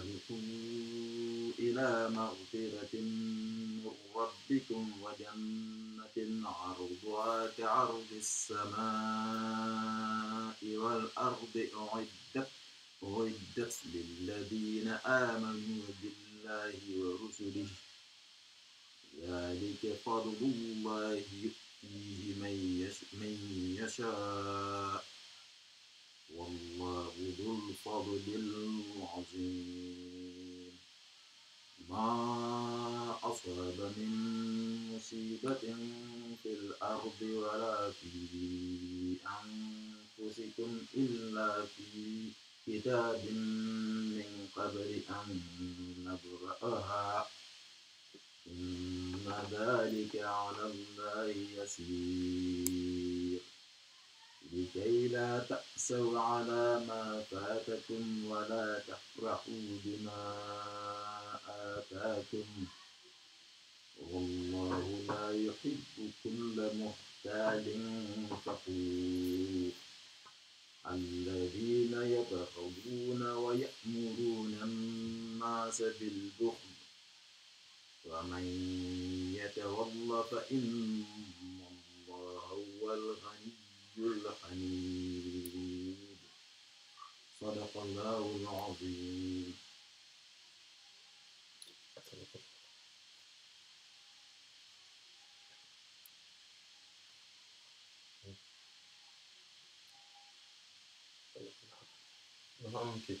سابقوا إلى مغفرة من ربكم وجنة عرضها كعرض السماء والأرض أعدت أعدت للذين آمنوا بالله ورسله ذلك فضل الله يؤتيه من يشاء والله ذو الفضل العظيم ما أصاب من مصيبة في الأرض ولا في أنفسكم إلا في كتاب من قبل أن نبرأها إن ذلك على الله يسير لكي لا تأسوا على ما فاتكم ولا تفرحوا بما آتاكم والله لا يحب كل محتال فقير الذين يبخلون ويأمرون الناس بالبخل ومن يتولى فإن الله هو الغني الحميد صدق الله العظيم Vamos aqui.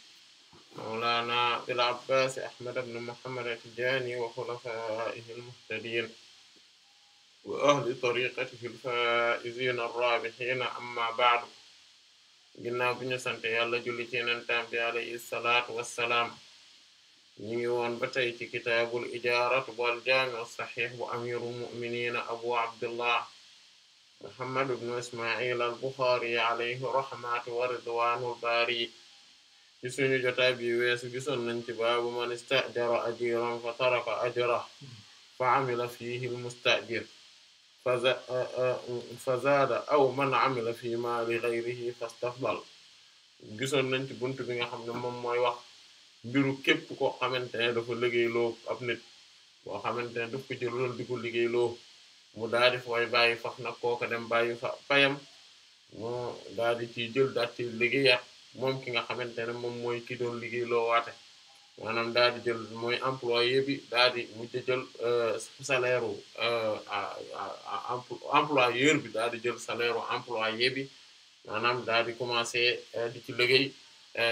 مولانا أبي العباس أحمد بن محمد الجاني وخلفائه المهتدين وأهل طريقته الفائزين الرابحين أما بعد قلنا بني سنت يالله جلتين انتام عليه الصلاة والسلام نيوان بتيت كتاب الإجارة والجامع الصحيح وأمير المؤمنين أبو عبد الله محمد بن إسماعيل البخاري عليه رحمة ورضوان الباري ci suñu jotaay bi weesu gisoon nañ ci baabu man istajara ajiran fa taraka ajrah fa amila fihi almustajir fa zaada aw man amila fi ma li ghayrihi fastafdal gisoon nañ ci bunt bi nga xam ne moom mooy wax mbiru képp koo xamante ne dafa liggéeyloo ab nit boo xamante ne daf ko jël loolu di ko liggéeyloo mu daal di fooy bàyyi fax nag kooka dem bàyyi fa payam mu daal di ciy jël daal ci liggéeyaat moom ki nga xamante ne moom mooy ki doon liggéey loo waate maanaam daal di jël mooy employé bi daal di mujj jël euh, salaire u euh, employeur bi daal di jël salaire u employé bi maanaam daal di commencé euh, di ci liggéey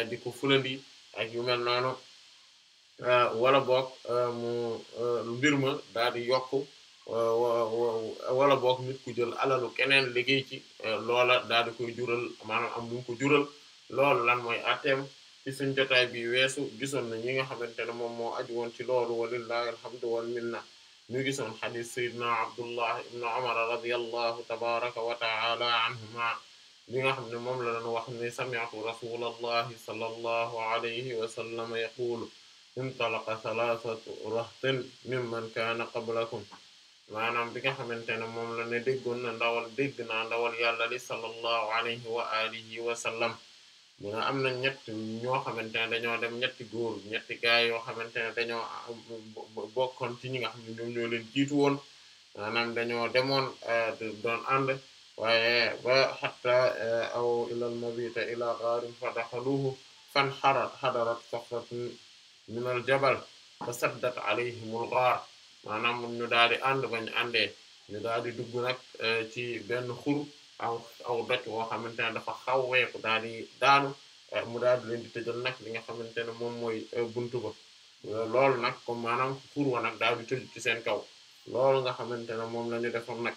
di ko fulandi ak yu mel noonu wala boog mu mbir ma daal di yokk wala boog nit ku jël alalu keneen liggéey ci loola daal di koy jural maanaam am lu ko jural loolu lan moy atem ci suñ jotay bi wessu gisoon na ñi nga xamantene mom mo moo aju woon ci loolu walillahi alhamdu wal minna ñu gisoon hadith sayidna abdullah ibn umar radiyallahu tabaraka wa taala anhuma li nga xamne mom la doon wax ni sami'tu rasulallahi sallallahu alayhi wa sallam yaqulu intalaqa thalathatu rahtin mimman kana qablakum manam bi nga xamantene mom la ne deggon na ndawal dégg na ndawal yàlla li sallallahu alayhi wa alihi wa sallam mu ne am na ñett ñoo xamante ne dañoo dem ñetti góor ñetti gaay yoo xamante ne dañoo bokkoon ci ñi nga xam ne ñoom ñoo leen jiitu woon maanaam dañoo demoon eh, don ànd waaye ba hatta eh, aw ilal ila gharin fa daxaluhu fan xarat xadarat safratun min al jabal fa saddat alayhimul ghaar maanaam ñu daal di ànd ba ñu àndee daal di dugg nag eh, ci benn xur aw aw doj woo xamante dafa xaw weeku daal di daanu eh, mu daal di leen di tejal nak li nga xamantene mom moy eh, buntu ba eh, lool nak ko manam pour wa nak daal di tëj ci seen kaw lool nga xamantene mom lañu la nak bu nag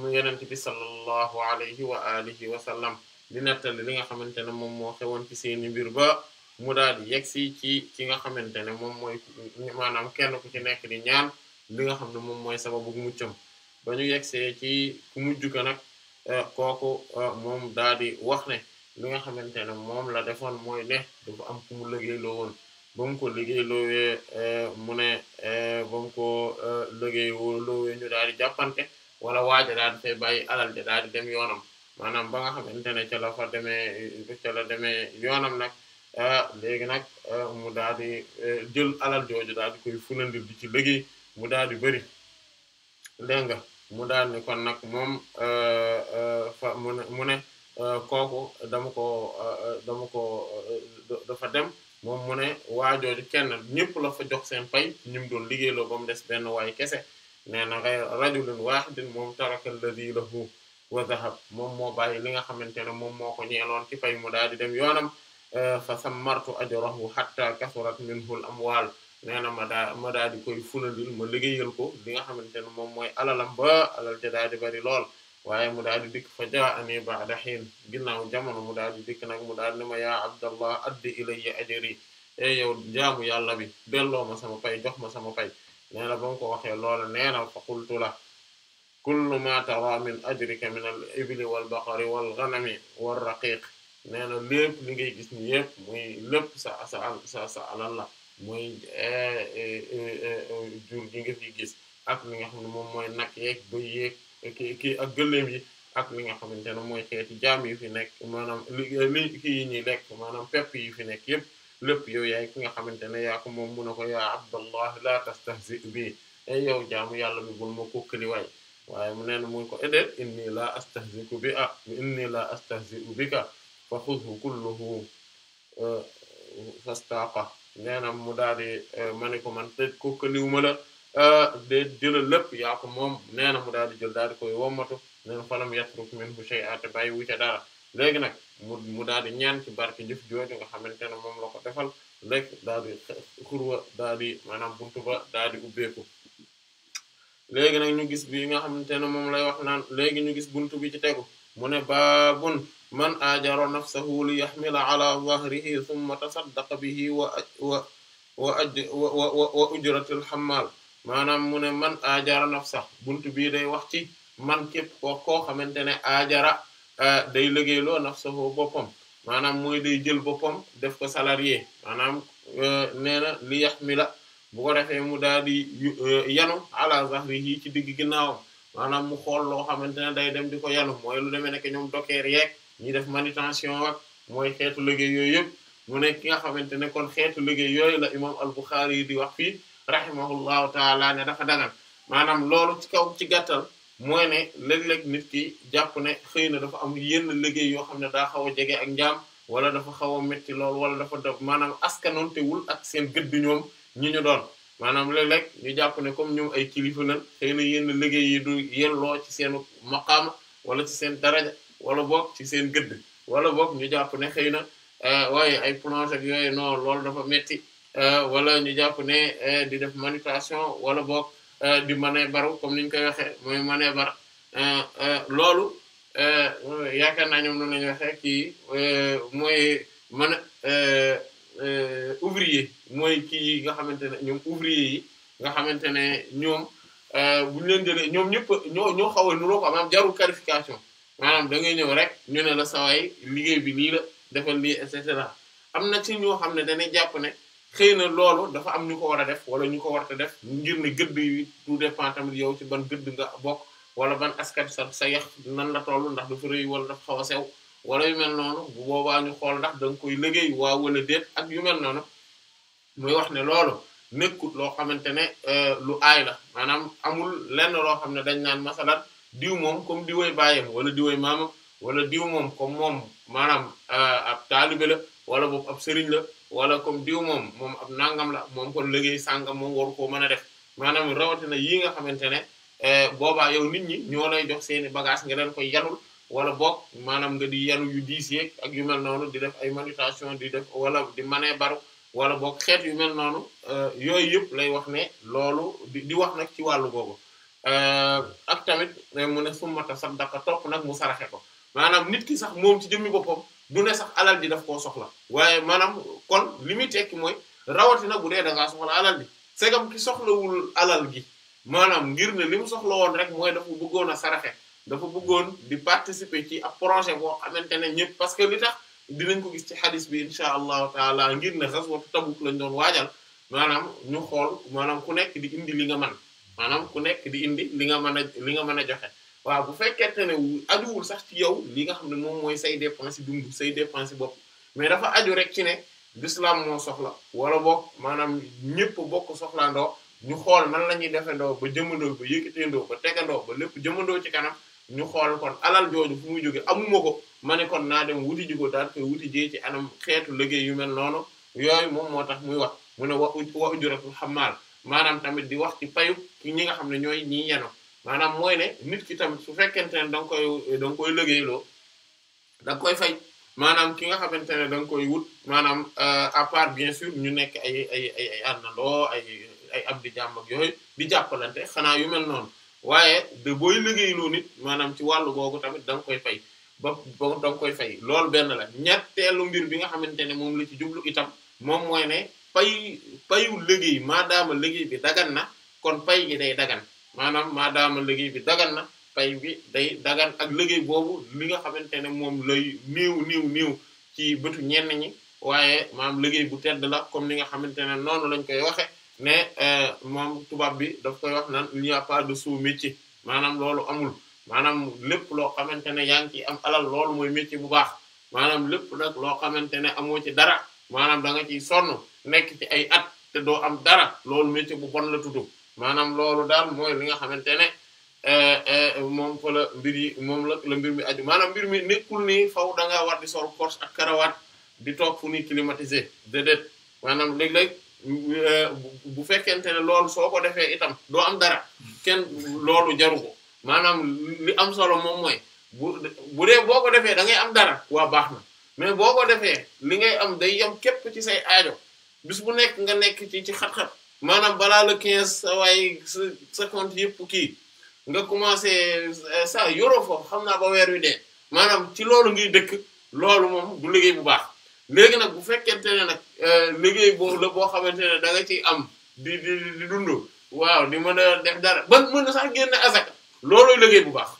mu yenent bi sallallahu alayhi wa alihi wa sallam di nettali li nga xamantene mom mo xewon ci seen mbir ba mu daal di ci ki nga xamantene mom moy manam kenn ku ci nek di ñaan li nga xamne mom moy mooy sababu muccam ba ñu yegse ci ku mujjuka nag eh, kooku eh, moom daa di wax ne li nga xamante ne moom la defoon mooy ne dafa am ku mu liggéeyloo woon ba mu ko liggéeyloowee eh, mu ne ba mu ko liggéeyloowee ñu daa di jàppante wala waaja daa di fay bàyyi alal ja daa di dem yoonam maanaam ba nga xamante ne ca la fa demee ca la demee yoonam nag léegi nag mu daa di jël alal jooju daa di koy fulandir di ci liggéey mu daa di bëri dégg nga mu daal ni kon nag moom fa mu ne mu ne kooku dama ko dama ko dafa dem moom mu ne waajooju kenn ñëpp la fa jox seen pay ñim doon liggéeyloo ba mu des benn waay kese nee na ghayr rajulin wahidin moom taraka alladhi lahu wa dhahab moom moo bàyyi li nga xamante ne moom moo ko ñeeloon ci pay mu daal di dem yoonam fa sammartu ajrahu hatta kasurat minhu al amwal nee na ma daa ma daa di koy fulandil ma liggéeyal ko li nga xamante ne moom mooy alalam ba alal ja di bari lool waaye mu daal di dikk fa jaa ani ba'da hiin ginnaaw jamono mu daal di dikk nag mu daal ne ma yaa abdallah addi ilayya ajri e yow jaamu yàlla bi delloo ma sama jox ma sama pay nee na ba mu ko waxee loola nee na fa qultu la kullu ma tara min ajrika min al ibli wal baqari wal ghanami wal raqiq nee na lépp li gis ni yépp muy lépp sa sa sa sa la mooy jur gi nga fi gis ak li nga xam ne moom mooy nag yeeg bëy yeeg kii ak gëléem yi ak li nga xamante ne mooy xeeti jaam yi fi nekk maanaam li li kii yi ñuy lekk maanaam pepp yi fi nekk yëpp lépp yow yaay ki nga xamante ne yaa ko moom mu ne ko yaa abdallah la tastahzi bi ay yow jaamu yàlla bi bul ma kokkali waay waaye mu neen muy ko edeel inni la astahziku bi ah inni la astahzi'u bika fa xudhu kulluhu fastaqa nee na mu daal di eh, ma ne ko man te kokkaliwuma la eh, de jëla lépp yaa ko moom nee na mu daal di jël daal di koy wommatu nee na falam yatruk minhu a te bàyyi wu ca dara léegi nag mu mu daal di ñaan ci barke jëf jooju nga xamante ne moom la ko defal léegi daal di xurwa daal di maanaam buntu ba daal di ubbeeku léegi nag ñu gis bi nga xamante ne moom lay wax naan léegi ñu gis buntu bi ci tegu mu ne baabun man ajara nafsahu li yaxmila ala zahrihi summa tasaddaqa bihi wa a wa wa ujratil xammaal maanaam mu ne man ajara sax buntu bii day wax ci man képp koo koo xamante ne ajara eh, day liggéeyloo nafsahu boppam maanaam mooy day jël boppam def ko salarié maanaam eh, nee na li yaxmila bu ko defee mu daal di eh, yanu ala zahrihi ci digg ginnaawam maanaam mu xool loo xamante ne day dem di ko yanu mooy lu demee nekk ñoom dokeer yeeg ñi def manutention ak mooy xeetu liggéey yooyu yëpp mu nekk ki nga xamante ne kon xeetu liggéey yooyu la imam al-Bukhari yi di wax fii rahimahullahu taala ne dafa dagan maanaam loolu ci kaw ci gàttal mooy ne léeg-léeg nit ki jàpp ne xëy na dafa am yenn liggéey yoo xam ne daa xaw a jege ak njaam wala dafa xaw a métti lool wala dafa def maanaam askanontewul ak seen gëdd ñoom ñi ñu doon maanaam léeg-léeg ñu jàpp ne comme ñoom ay kilifa na xëy na yenn liggéey yi du yelloo ci seen maqaama wala ci seen daraja wala boog ci seen gëdd wala boog ñu jàpp ne xëy na euh, waaye ay plonge ak yooyu non loolu dafa metti euh, wala ñu jàpp ne euh, di def manutention wala boog di mënee baru comme niñ ñu koy waxee mooy mënee bar loolu yaakaar naa ñoom noonu la ñu waxee mooy mën ouvrier mooy kii nga xamante ne ñoom ouvrier yi nga xamante ne ñoom bu ñu leen ñoom ñëpp ñoo ñoo xaw a nuroo ko maanaam jarul qualification. maanaam da ngay ñëw rek ñu ne la saway liggéey bi nii la defal lii et cetera am na ci ñoo xam ne dañuy jàpp ne xëy na loolu dafa am ñu ko war a def wala ñu ko war a te def ngir ne gëdd yi de dépend tamit yow ci ban gëdd nga bokk wala ban askan sa sa yax nan la toll ndax dafa rëy wala daf xaw a sew wala yu mel noonu bu boobaa ñu xool ndax da nga koy liggéey waa wala déet ak yu mel noonu muy wax ne loolu nekkut loo xamante ne euh, lu aay la maanaam amul lenn loo xam ne dañ naan masalan diw moom comme diwoy baayam wala diwoy maamam wala diw moom comme moom maanaam euh, ab taalibe la wala boobu ab sëriñ la wala comme diw moom moom ab nangam la moom kon liggéey sàngam moom waru koo mën a def maanaam rawatina yi nga xamante ne euh, boobaa yow nit ñi ñoo lay jox seeni bagage nga leen koy yanul wala book maanaam nga di yanu yu diis yeeg ak yu mel noonu di def ay manutention di def wala di manee baru wala book xeet yu mel noonu euh, yooyu yëpp lay wax ne loolu di wax nag ci wàllu boobu Euh, ak tamit mu ne summa tasaddaqa topp nag mu saraxe ko maanaam nit ki sax moom ci jëmmi boppam du ne sax alal ji daf ko soxla waaye maanaam kon li muy tekki mooy rawatina bu dee da ngaa soxla alal ji segam ki soxlawul alal gi maanaam ngir ne li mu soxla woon rek mooy dafa bëggoon a saraxe dafa bëggoon di participer ci ab projet boo xamante ne ñëpp parce que li tax dinañ ko gis ci xadis bi incha allahu taala ngir ne xas watu Tabuk lañ doon waajal maanaam ñu xool maanaam ku nekk di indi li nga man maanaam ku nekk di indi li nga mën a li nga mën a joxe waaw bu fekkee fekkente ne ajuwul sax ci yow li nga xam ne moom mooy say dépense dund say dépense bopp mais dafa aju rek ci ne l'islam moo soxla wala boog maanaam ñëpp bokk soxlaandoo ñu xool man la ñuy defandoo ba jëmandoo ba yëkkateendoo ba tegandoo ba lépp jëmandoo ci kanam ñu xool kon alal jooju fu muy jóge amuma ko ma ne naa dem wuti ji ko daal koy wuti ci anam xeetu liggéey yu mel noonu yooyu moom moo tax muy wax mu ne wa wa ujuratul xamaal maanaam tamit di wax ci payu ñi nga xam ne ñooy ñiy yeno maanaam mooy ne nit ki tamit su fekkente ne danga koy da nga koy liggéeyloo da nga koy fay maanaam ki nga xamante ne da nga koy wut maanaam euh, à part bien sûr ñu nekk ay ay ay ay àndandoo ay ay ab di jàmm ak yooyu di jàppalante xanaa yu mel noonu waaye de booy liggéeyloo nit maanaam ci wàllu googu tamit danga koy fay ba ba da nga koy fay loolu benn la ñetteelu mbir bi nga xamante ne moom la ci jublu itam moom mooy ne pay payu liggéey maadaama liggéey bi dagan na kon pay gi day dagan maanaam maadaama liggéey bi dagan na pay bi day dagan ak liggéey boobu li nga xamante ne moom lay niiw niiw niiw ci bëtu ñenn ñi waaye maanaam liggéey bu tedd la comme ni nga xamante ne noonu lañ koy waxe ne eh, moom tubaab bi daf koy wax naan il n'y a pas de sous-métier maanaam loolu amul maanaam lépp loo xamante ne yaa ngi ciy am alal loolu mooy métier bu baax maanaam lépp loo xamante ne amoo ci dara maanaam danga nga sonn nekk ci ay at te doo am dara loolu métier bu bon la tuddu maanaam loolu daal mooy li nga xamante ne eh, eh, moom fa la mbir yi moom la la mbir mi aju maanaam mbir mi nekkul ni faw da ngaa war di sol Corse ak karawaat di toog fu ni climatisé déedéet maanaam léeg-léeg eh, bu fekkente ne loolu soo ko defee itam doo am dara kenn loolu jaru ko maanaam li am solo moom mooy bu dee boo ko defee dangay am dara waa baax na mais boo ko defee li ngay am day yem képp ci say aajo. bis bu nekk nga nekk ci ci xat-xat maanaam balaa le quinze sa waay sa sa compte yëpp kii nga commencé sa euh, yorofo xam naa ba weer wi dee maanaam ci loolu ngiy dëkk loolu moom du liggéey bu baax léegi nag bu fekkente ne nag euh, liggéey boobu la boo xamante ne da nga ciy am di di di dund waaw di mën a def dara ba mën na sax génn asaka loolooy liggéey bu baax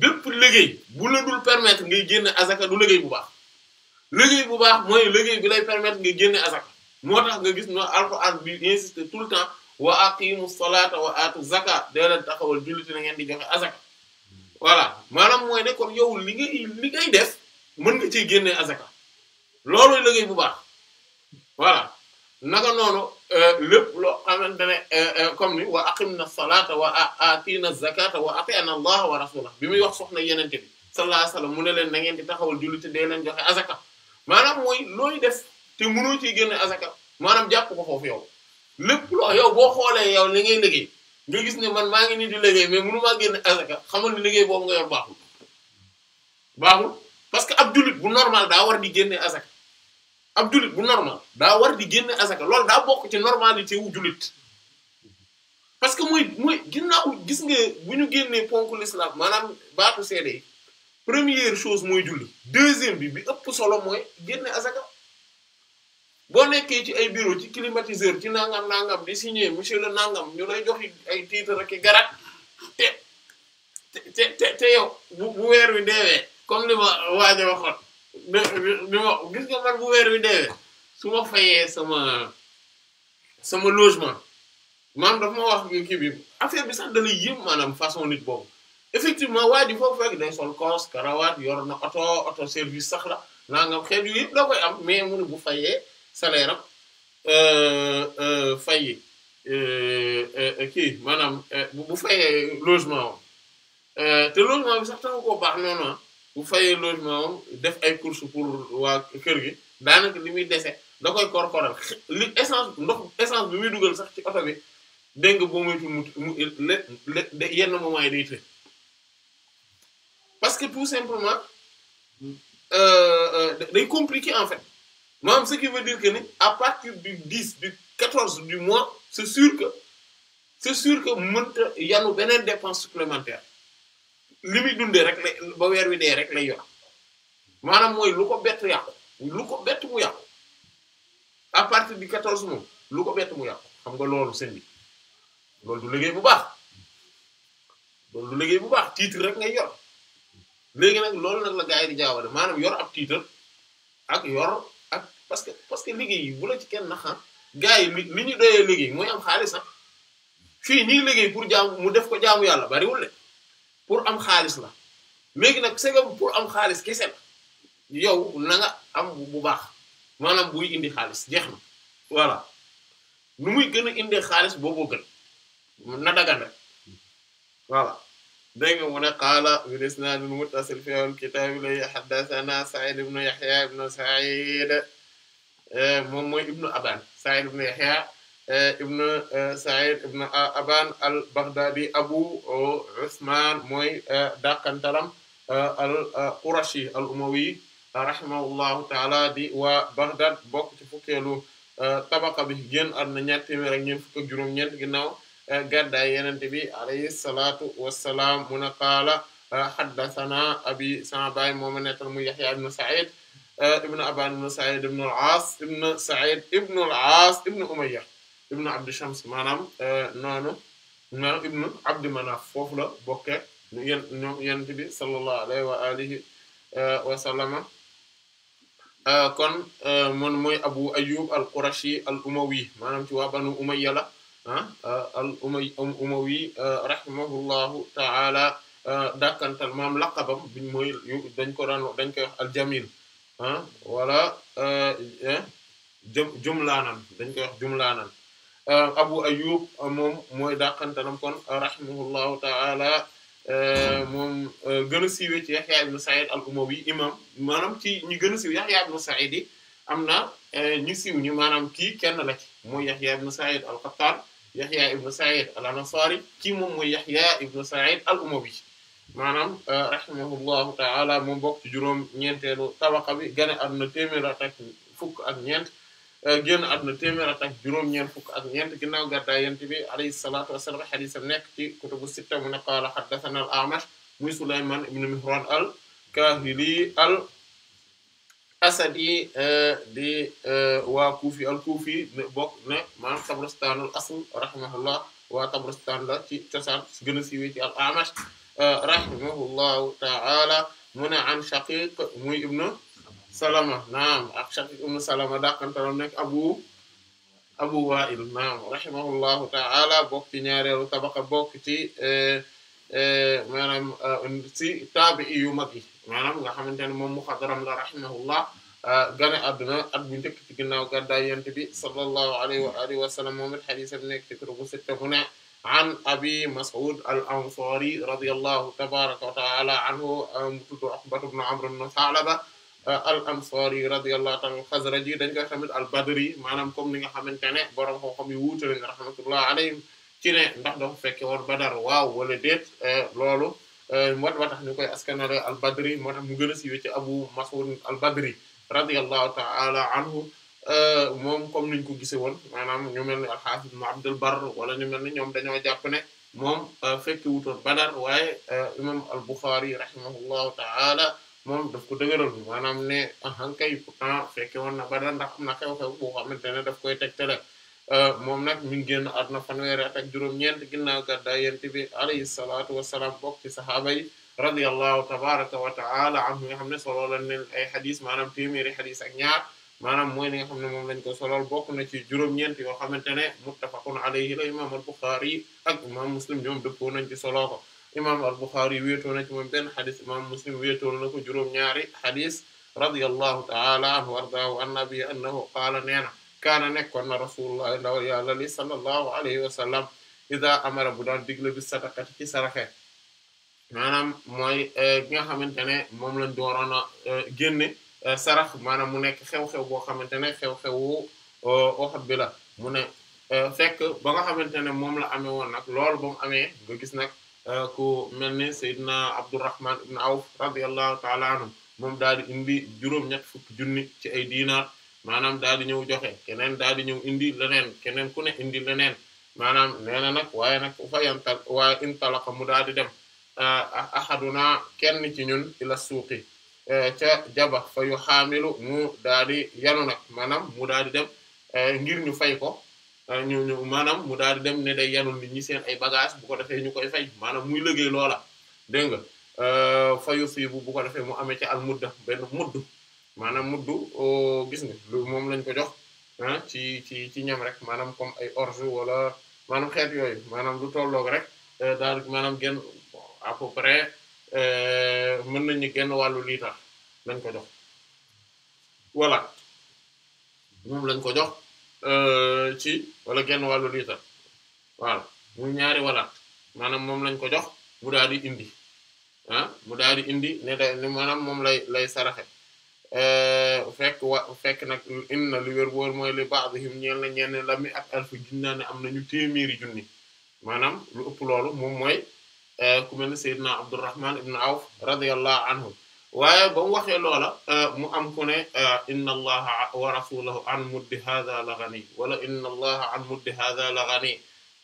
bépp liggéey bu la dul permettre ngay génn asaka du léggéey bu baax liguey bu baax moy liguey bi lay permettre nga génne azak motax nga gis no alquran bi insister tout le temps wa aqimus salata wa atu zakat de la taxawal julit na ngeen di joxe azak voilà manam moy ne kon yow liguey liguey def mën nga ci génne azaka lolu liguey bu baax voilà naka nono lépp lo xamantene comme ni wa aqimnas salata wa atina zakata wa ati'na allah wa rasulahu bimi wax soxna yenente bi sallallahu alayhi wasallam mu ne len na ngeen di taxawal julit de leen joxe azaka maanaam mooy looy def te mënoo ciy génne asaka maanaam jàpp ko foofu yow lépp loo yow boo xoolee yow li ngay liggéey nga gis ne man maa ngi ni di liggéey mais mënu maa génne asaka xamal ni liggéey boobu nga yor baaxul parce que ab jullit bu normal daa war di génne asaka ab jullit bu normal daa war di génne asaka loolu daa bokk ci normalité wu julit parce que mooy mooy ginnaaw gis nga bu ñu génnee ponk l'islam maanaam baatu seede première chose mooy julli deuxième bi bi ëpp solo mooy génne asaka boo nekkee ci ay biiru ci climatiseur ci nangam nangam di signé monsieur le nangam ñu ay jox ay titre ak i garat te te te te yow bu bu weer wi deewee comme li ma waaj a waxoon li ma gis nga man bu weer wi deewee su ma fayee sama sama logement maanaam dafa ma wax kii bi affaire bi sax da yëm maanaam façon nit boobu. effectivement waa ji foofu rek day sol koos karawaat yor na oto oto service sax la nangam xeet yu yëpp da koy am mais mu ne bu fayee salaire am euh, euh, fay euh, kii maanaam bu fayee logement am te logement bi sax taxu koo baax noonu bu fayee logement am def ay course pour waa kër gi daanaka li muy dese da koy korkoral li essence ndox essence bi muy dugal sax ci oto bi dégg nga boo moytu mu mu yenn moment yi day tëj. parce que tout simplement euh, euh, day compliqué en fait maanaam ce qui veut dire que à partir du 10 du 14 du mois c'est sûr que c'est sûr que a yanu beneen dépense supplémentaire supplémentaires. Limite dundee rek lay ba weer wi dee rek la yor manam moy luko ko bett luko lu mu à partir du 14 mois luko ko mu xam nga lolu seen bi lolu du liggéey bu baax loolu du liggéey bu baax titre rek ngay yor. léegi nag loolu nag la gars yi di jaawale maanam yor ab titre ak yor ak parce que parce que liggéey bu la ci kenn naxam ah, gars yi li ñu doyee liggéey mooy am xaalis sax ah. fii ñii liggéey pour jaamu mu def ko jaamu yàlla bariwul ne pour am xaalis la léegi nag c'est pour am xaalis kese la yow na am bu baax maanaam buy indi xaalis jeex na voilà nu muy gën a indee xaalis booboo gën na dagan rek dégg nga mu ne qaala bil isnaadil muttasil fi awwal kitaab la haddathana Sa'id ibn Yahya ibn Sa'id moom ibnu Aban Sa'id ibn Yahya ibn Sa'id ibn Aban al-Baghdadi Abu O Usman mooy dàqantalam al-Qurashi al-Umawi rahimahullahu ta'ala di wa Baghdad bokk ci fukkeelu tabaqa bi génn àdduna ñaar téeméer ak ñeent fukk ak غدا ينتبي عليه الصلاه والسلام من قال حدثنا ابي سعباي مؤمن ترمي يحيى بن سعيد ابن ابان بن سعيد بن العاص ابن سعيد ابن العاص ابن اميه ابن عبد الشمس مانام نونو نون ابن عبد مناف فوف لا بوكي ينتبي صلى الله عليه واله وسلم كون مون موي ابو ايوب القرشي الاموي مانام تي وا بنو اميه Ah, ah, al umay umawi ah, rahimahullahu ta'ala dàkkantal maam laqabam dañ ko koy wax al jamil wala eh, jum jumlaanan dañ koy wax jumlaanan abu ayub moom mooy dàkkantalam kon rahimahullahu ta'ala eh, moom eh, gën a ci yaxya ibn sa'id al umawi imam maanaam ci ñi gën a siiw ibn sa'id am na ñu siiw ñi maanaam kii kenn la ci mooy ibn sa'id al qattan Yahya ibn Sa'id al-Ansari kii moom mooy Yahya ibn Sa'id al-Umawi maanaam euh, rahimahullahu ta'ala moom bokk ci juróom ñeenteelu tabaqa bi gane àdduna téeméer ak fukk ak ñeent euh, génn àdduna téeméer ak juróom-ñeent fukk ak ñeent ginnaaw gàddaay Yonent bi alayhi salaatu wa salaam hadiisam nekk ci kutubu sitta mu ne qaala haddathanaa al-A'mash muy Sulaymaan ibn Mihraan al-Kaahili al asad yi eh, di eh, waa kuufi al kuufi ne ne maanaam tabristaanul asl rahimahullah waa tabristaan la ci cosaan gën a siiwee ci al amash eh, rahimahullahu ta'ala mu ne an shaqiq muy ibnu salama naam ak shaqiq ibnu salama daakantalam nekk abu abu naam rahimahullahu ta'ala bokk ci ñaareelu tabaqa bokk ci maanaam yu mag yi manam nga xamantene mom moom muxadram la rahimahullah gane aduna at bu njëkk ci ginnaaw gadda yent bi sallallahu alayhi wa alihi wa sallam mom hadith xadiisam nekk ci kutubu sitta huna an abi mas'ud al ansari radiyallahu tabaarak wa taala anhu mu tudd ibn amr ibn salaba al ansari radiyallahu taala khazraji dagn ko xamit al badri manam comme ni nga xamantene borom ko xam yi wutul lañ rahmatullah alayhim ci ne ndax do fekke war badar waaw wala det loolu Euh, moo tax ñu koy askanale al-Badri moo tax mu gën a ci Abu Mas'ud al-Badri radiyallahu ta'ala anhu euh, moom comme niñ ko gisee woon maanaam ñu mel ni al-Hafiz ibn Abd al-Barr wala ñu mel ni ñoom dañoo jàpp ne moom euh, fekki wutoon Badar waaye imam al-Bukhari rahimahullahu ta'ala moom def ko dëgëral maanaam ne ahankay pourtant fekke woon na Badar ndax am na xew-xew boo xamante ne daf koy tegtale Euh, moom nag mi génn àdduna fanweeri at ak juróom-ñeent ginnaaw gàddaay yonent bi alayhi salaatu wa salaam bokk ci saxaaba yi radiyallahu tabaraka wa taala anhu nga xam ne solo la ay xadis maanaam téeméeri xadis ak ñaar maanaam mooy li nga ne moom lañ ko solol bokk na ci juróom-ñeent yoo xamante ne muttafaqun la imam al-Bukhari ak imam Muslim ñoom dëppoo nañ ci solo ko imam al-Bukhari wéetoo na ci moom benn xadis imam Muslim wéetool na ko juróom-ñaari xadis radiyallahu taala anhu wardahu an nabi annahu nee na kaana nekkoon na rasulullah ndawal yàlla li sallallahu alayhi wa sallam amara bu daan digle bi sadaqati ci saraxe maanaam mooy eh, bi nga xamante ne moom lañ dooroon eh, eh, sarax maanaam mu nekk xew-xew boo xamante ne xew-xewu Uhud bi la mu ne fekk ba nga xamante ne moom la amee woon nag loolu bo mu amee gis nag ku mel ni Seydina Abdurrahman ibn Awf radiyallahu ta'ala anhu moom daal di indi juróom-ñett fukki junni ci ay diinaar maanaam daal di ñëw joxe keneen daal di ñëw indi leneen keneen ku ne indi leneen maanaam nee na nag waaye nag fa yantal waaye intalaqa mu daal di dem ah, ah, ahaduna kenn ci ñun ila suuqi eh, ca jaba fa yu xaamilu mu daal di yanu nag maanaam mu daal di dem eh, ngir ñu fay ko eh, ñu ñu maanaam mu daal di dem ne day yanul nit ñi ay bagage bu ko defee ñu koy fay maanaam muy liggéey loola dégg nga fa yusibu bu ko defee mu amee ca al mudda benn mudd manam muddu gis nga lu mom lañ ko jox han ah, ci ci ci ñam rek manam comme ay orge wala manam xet yoy manam lu tolloog rek eh, daal manam gën à peu près eh, mën nañu walu li tax lañ ko jox wala mom lañ ko jox eh, ci wala walu li tax wala mu ñaari wala manam mom lañ ko jox mu daal di indi ah mu daal di indi ne manam mom lay lay saraxe fekk wa fekk nag inna li wér li ba'dihim ñeel na ñenn la mi ak alfu junnaane am nañu téeméeri junni maanaam lu ëpp loolu moom mooy ku mel ne Abdurrahman ibn Awf radiyallahu anhu waaye ba mu waxee mu am ku ne inna allaha wa rasulahu an muddi hadha la ghani wala inna allaha an muddi hadha la ghani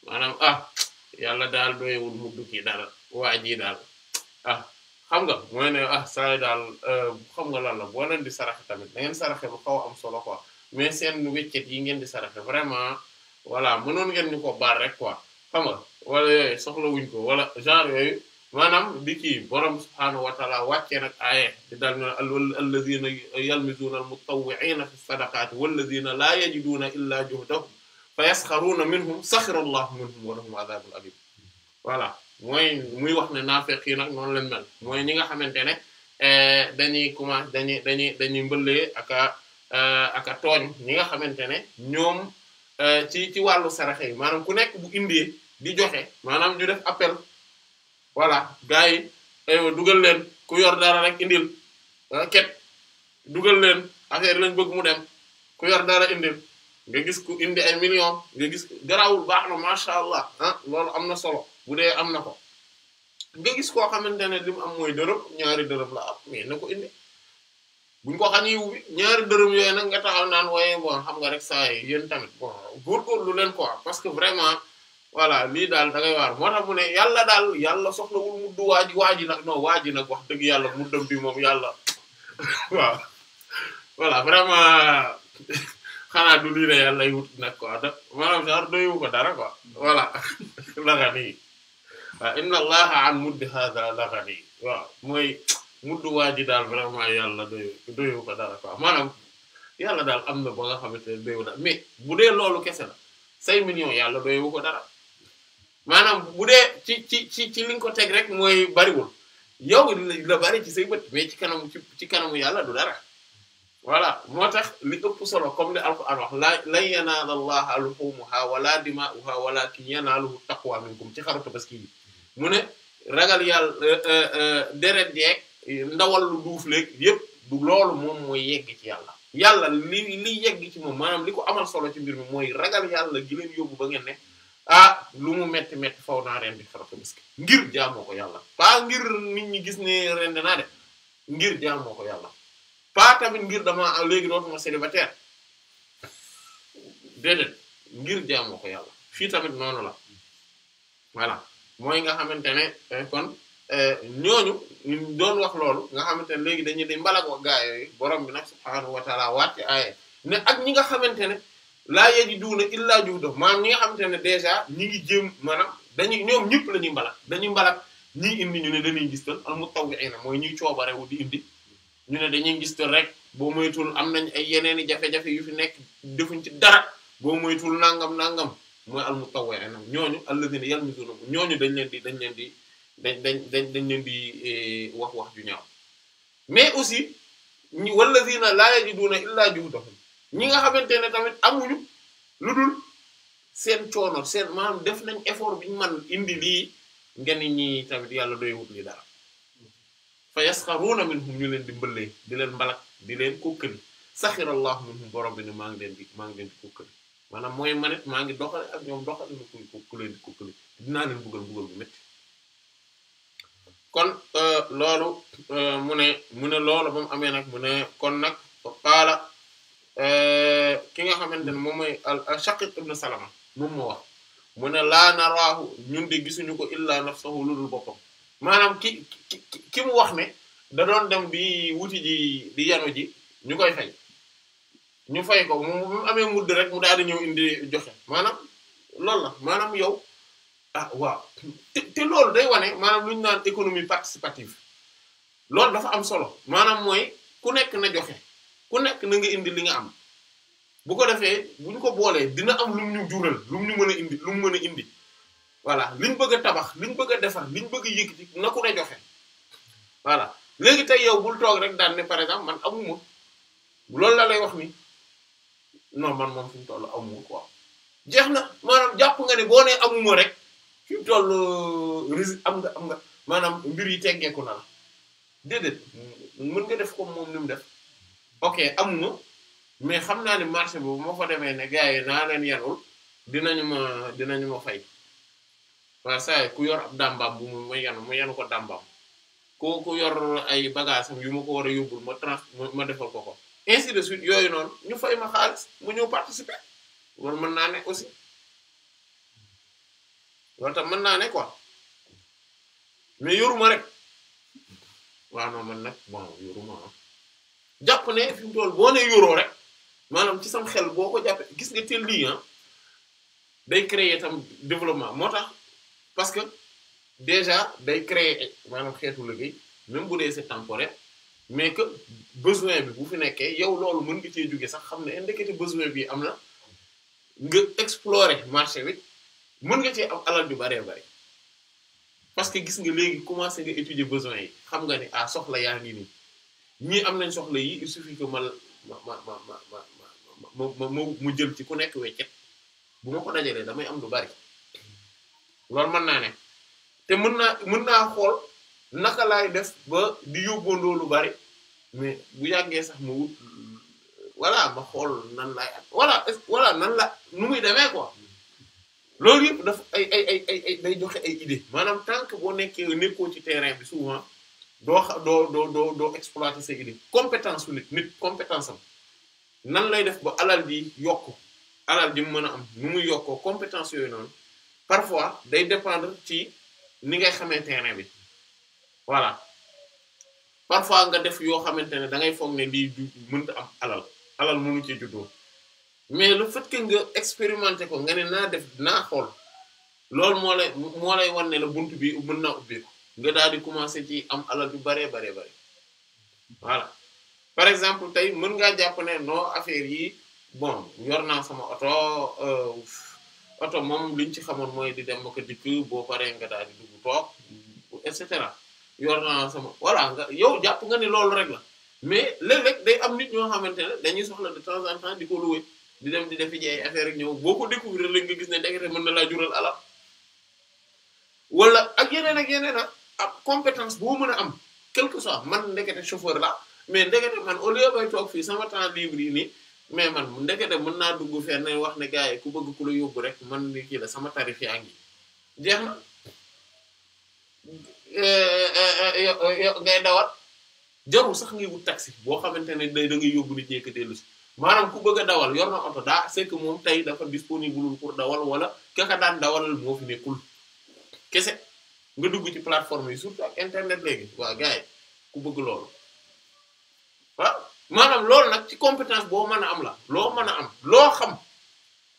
maanaam ah yàlla daal doyewul muddu kii dara waa ji ah xam nga mooy ne ah saa daal xam nga lan la boo leen di saraxe tamit da ngeen saraxe bu xaw am solo quoi mais seen weccet yi ngeen di saraxe vraiment voilà mënoon ngeen ñu ko baal rek quoi xam nga wala yooyu soxla wuñ ko wala genre yooyu maanaam di kii borom subhaanahu wa taala wàccee nag aaye di dal ñu alladhina yalmizuna almutawwi'ina fi sadaqati walladhina la yajiduna illa juhdahum fa yaskharuna minhum sakhira allahu minhum wa lahum adhabun alim voilà mooy muy wax ne naafeq yi nag noonu lañ mel mooy ñi nga xamante ne eh, dañuy commencé dañuy dañuy dañuy mbëllee eh, ak a tooñ ñi nga xamante ne ñoom eh, ci ci wàllu saraxe yi maanaam ku nekk bu indee di joxe maanaam ñu def appel voilà gars dugal leen ku yor dara rek indil ket dugal leen affaire lañ bëgg mu dem ku yor dara indil nga gis ku indi ay million nga gis garawul baax na macha allah ah loolu am na solo. bu am na ko nga gis ko xamantene lim am moy deureup ñaari deureup la am mais na ko indi buñ ko wu ñaari deureum yoy nak nga taxaw naan waye wala xam nga rek saa yi yéen gor gor lu len quoi parce que vraiment voilà li dal da ngay war motax mu ne yalla dal yalla soxlawul muddu mu du waji waji nak non waji nak wax deug yalla mu dem bi mom yalla wala voilà vraiment xana du li ne yalla wut wala quoi da maanaam genre wala ko dara quoi voilà waaw inna allaha an mudd hadha la ghani waaw mooy mudd waa ji daal vraiment yàlla doyu doyu ko dara quoi maanaam yàlla daal am na ba nga xamante ne doyu dara mais bu dee loolu kese la cinq millions yàlla doyu ko dara maanaam bu dee ci ci ci ci li ko teg rek mooy bariwul yow la bari ci say bët mais ci kanamu ci kanamu yàlla du dara voilà moo tax li ëpp solo comme li alquran wax la lan yanaala allaha luhumuha wala dima'uha walakin yanaaluhu taqwa minkum ci xaru tabaski bi mu ne ragal yàlla euh, euh, euh, deret yeeg ndawal lu duuf léeg yépp du loolu moom mooy yegg ci yàlla yàlla li li yegg ci moom maanaam li ko amal solo ci mbir mi mooy ragal yàlla gi leen yóbbu ba ngeen ne ah lu mu metti metti faw naa rendi farata misk ngir jaamoo ko yàlla pas ngir ñi gis ne rendi ko yàlla pas tamit ngir dama ah, léegi dootuma célibataire déedéet ngir jaamoo ko yàlla fii tamit noonu la voilà mooy nga xamante ne eh, kon eh, ñooñu ñu doon wax loolu nga xamante ne léegi dañuy di mbalag wax gaa yooyu borom bi nag subhaanahu wa taala ci aaye ne ak ñi nga xamante ne laa yajiduuna illaa juhdahum maam ñi nga xamante ne dèjà ñi ngi jëm maanaam dañuy ñoom ñëpp la ñuy mbalak dañuy mbalak ñii indi ñu ne dañuy gis tal al mutawwi'ina mooy ñuy coobarewu di indi ñu ne dañuy gis rek boo moytul am nañ ay yeneeni jafe-jafe yu fi nekk dëfuñ ci dara boo moytul nangam nangam mooy al mutawwi'ina ñooñu alladhina yalmizuna ñooñu dañ leen di dañ leen di dañ dañ dañ dañ leen di eh, wax wax ju ñaaw mais aussi ñi walladhina la yajiduna illa juhdahum ñi nga xamante ne tamit amuñu lu dul seen coono seen maanaam def nañ effort bi ñu mën indi lii ngeen ñi tamit yàlla doy wut ni dara fa yasxaruuna minhum ñu leen di mbëllee di leen mbalak di leen kukkali saxirallahu minhum borom bi ne maa ngi leen di maa ngi leen di maanaam mooy man it maa ngi doxale ak ñoom doxale na kuy ku ku leen ku dinaa leen bëggal bëggal bu métti kon euh, loolu euh, mu ne mu ne loolu ba mu amee nag mu ne kon nag qaala euh, ki nga xamante ne moom mooy Shaqiq ibn Salama moom moo wax mu ne laa naraahu ñun de gisuñu ko illaa nafsahu lu dul boppam maanaam ki ki ki mu wax ne da doon dem di wuti ji di yanu ji ñu koy fay ñu fay ko mu mu amee mudd rek mu daal di ñëw indi joxe maanaam loolu la maanaam yow ah waaw te te loolu day wane maanaam lu ñu naan économie participative loolu dafa am solo maanaam mooy ku nekk na joxe ku nekk na nga indi li nga am bu ko defee bu ñu ko boolee dina am lu mu ñu jural lu ñu mën a indi lu mu mën a indi voilà liñ bëgg a tabax liñ bëgg a defar liñ bëgg a yëkkati na ku ne joxe voilà léegi tey yow bul toog rek daan ne par exemple man amuma loolu la lay wax ni. non man moom fi mu toll amuma quoi jeex na maanaam jàpp nga ne boo nee amuma rek fi mu toll euh, am nga am nga maanaam mbir yi teggeeku na la nga def comme moom ni mu def ok am amuma mais xam naa ne marché boobu moo fa demee ne gars yi naa leen yanul dinañu ma dinañu ma fay waaye ku yor ab dàmbaam bu mu ma yanu yanu ko dàmbaam koo ku yor ay bagages yu ma ko war a yóbbul ma trans ma defal ko ko. ainsi de suite yooyu noonu ñu fay ma xaalis mu ñëw participer loolu mën naa ne aussi loolu tam mën naa ne quoi mais yoruma rek waaw non man nag yoruma jàpp ne fi mu boo nee yoroo rek maanaam ci sam xel boo ko jàppee gis nga tel lii ah day créer tam développement moo tax parce que déjà day créer maanaam xeetu liggéey même bu dee c'est temporaire. mais que besoin bi bu fi nekkee yow loolu mën nga cee jóge sax xam ne ndekete besoin bi am na nga explorer marché bi mën nga cee am alal ju baree bari parce que gis nga léegi commencé nga étudier besoin yi xam nga ne ah soxla yaa ngi nii ñii am nañ soxla yi il suffit ko ma ma ma ma ma mu jël ci ku nekk weccet bu ma ko dajalee damay am lu bari loolu mën naa ne te mën naa mën naa xool. naka laay def ba di yóbbandoo lu bari mais bu yàggee sax ma wut ba xool nan laay ak voilà voilà nan la nu muy demee quoi loolu yëpp dafa ay ay ay ay ay day joxe ay idée maanaam tant boo nekkee nekkoo ci terrain bi souvent doo xa doo doo doo doo exploiter sa idée compétence su nit nit compétence am nan lay def ba alal di yokk alal ji mu mën a am nu muy yokkoo compétence yooyu noonu parfois day dépendre ci ni ngay xamee terrain bi voilà parfois nga def yoo xamante ne dangay foog ne lii du mënta am alal alal mënu ci juddoo mais le fait que nga ko nga naa def naa xool loolu moo lay moo ne la buntu bi mën naa ubbi nga daal di commencer ci am alal yu baree baree bare voilà exemple tey mën ngaa jàpp ne non affaire yi bon yor naa sama oto euh, oto moom liñ ci xamoon mooy di dem ba ko dikk boo paree nga daal di dugg toog et yor naa sama voilà nga yow jàpp nga ne loolu rek la mais léeg-léeg day am nit ñoo xamante ne dañuy soxla de temps en temps di ko di dem di defi ay affaire ak ñëw boo ko découvrir la nga gis ne ndekete mën na laa jural alal ak yeneen ak yeneen ak ah, ak compétence boo mën a am quelque soit man ndekete chauffeur la mais ndekete man toog fii sama temps libre yi nii mais man ndekete mën naa dugg fenn wax ne gars yi ku bëgg ku la yóbbu rek man ni kii la sama tarif yaa ngi jeex na Euh, euh, euh, ngay dawal jarul sax ngay wut taxi boo xamante ne day da ngay yóbbu nit ñi dellu si maanaam ku bëgg a dawal yor na oto daa c'est que moom tey dafa disponible pour dawal wala kaka daan dawalal moo fi nekkul kese nga dugg ci plateforme yi surtout ak internet léegi waa gars ku bëgg loolu waaw maanaam loolu nag ci compétence boo mën a am la loo mën a am loo xam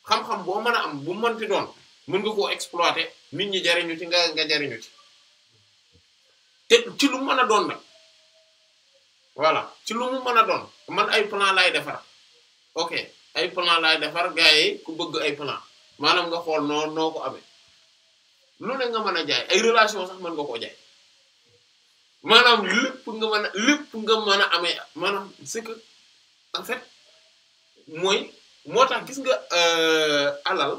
xam-xam boo mën a am bu mënti doon mën nga koo exploiter nit ñi jariñu ci nga nga jariñu ci ci lu mën a doon nag voilà ci lu mu mën a doon man ay plan laay defar ok ay plan laay defar gars yi ku bëgg ay plan maanaam nga xool noo noo ko amee lu ne nga mën a jaay ay relation sax mën nga koo jaay maanaam lépp nga mën a lépp nga mën a amee maanaam c'est que en fait mooy moo tax gis nga euh, alal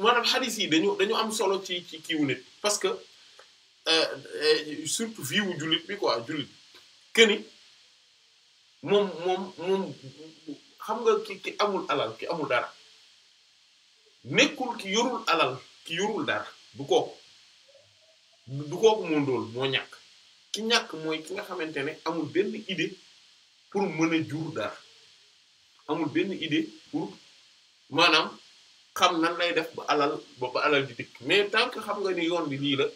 maanaam xadis yi dañu dañu am solo ci ci kiiwu nit parce que Euh, euh, surtout vie wu jullit bi quoi jullit keni moom moom moom xam nga ki amul alal ki amul dara nekkul ki yorul alal ki yorul dara du kooku du kooku moo ndóol moo ñàkk ki ñàkk mooy ki nga xamante ne amul benn idée pour mën a jur dara amul benn idée pour maanaam xam nan lay def ba alal ba alal di dikk mais tant xam nga ni yoon bi lii la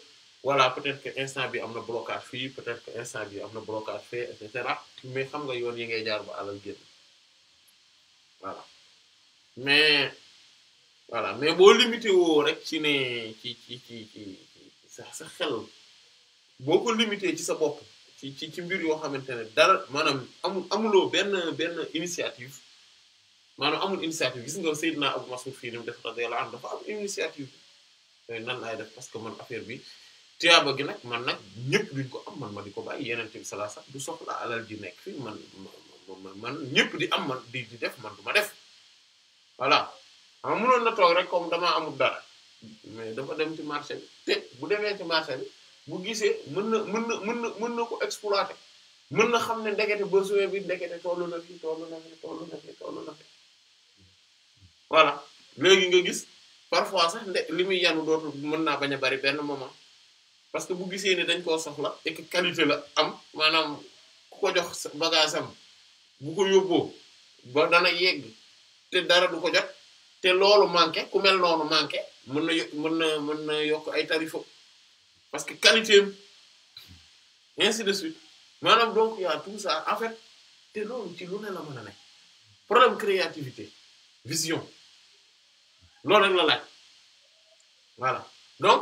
voilà peut-être que instant bi am na blocage fii peut-être que instant bi am na blocage fee et cetera mais xam nga yoon yi ngay jaar ba alal génn voilà mais voilà mais boo limité woo rek ci ne ci ci ci ci sa ci sa bopp ci ci ci mbir yoo xamante ne dara maanaam amul amuloo benn benn initiative maanaam amul initiative gis nga Seydina Abu Mas'ud fii ni mu def radiyallahu anhu dafa am initiative nan laay def parce que man affaire bi tiyaaba gi nak man nak ñepp duñ ko am man ma di ko yenen ci bi du soxla alal ji nek fi man man ñepp di am man di di def man duma def voilà mu non na tok rek comme dama amul dara nah, mais dafa dem ci marché bi te bu démé ci marché bi bu gisé mën na mën na mën na ko exploiter mën na xam ne ndekete besoin bi ndégété tollu na fi tollu na fi tollu na fi tollu na fi voilà légui nga gis parfois sax limi yanu dootul mën naa bari ben moment parce que bu gisee ne dañ koo soxla et que qualité la am maanaam ku ko jox bagage am bu ko yóbboo ba dana yegg te dara du ko jot te loolu manqué ku mel noonu manqué mën na na mën na yokk ay tarifo parce que qualité am ainsi de suite maanaam donc y tout ça en te loolu ci lu ne la mën a ne problème créativité vision loolu la laaj voilà donc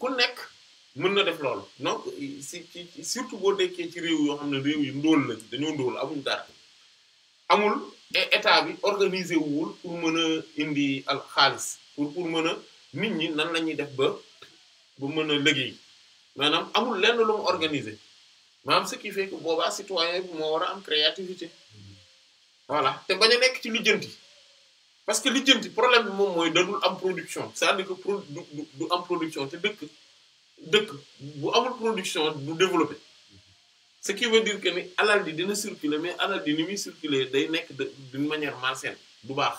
ku nekk mën na def loolu donc si ci surtout bo déké ci réew yo xamné ne réew yi ndol la dañu ndol amuñ dara amul état bi organisé wul pour mën indi al khalis pour pour mën nit ñi nan lañuy def ba bu mën a liggéey maanaam amul lenn lu organisé manam ce qui fait que boba citoyen bi moo war am créativité voilà té baña nek nekk ci lijjanti parce que lijjanti problème bi moom mooy dadul am production c'est-à-dire que du am production té dëkk deuk bu amul production du développer ce qui veut dire que ni alal di dina circuler mais alal di ni mi circuler day nek d'une manière malsaine du baax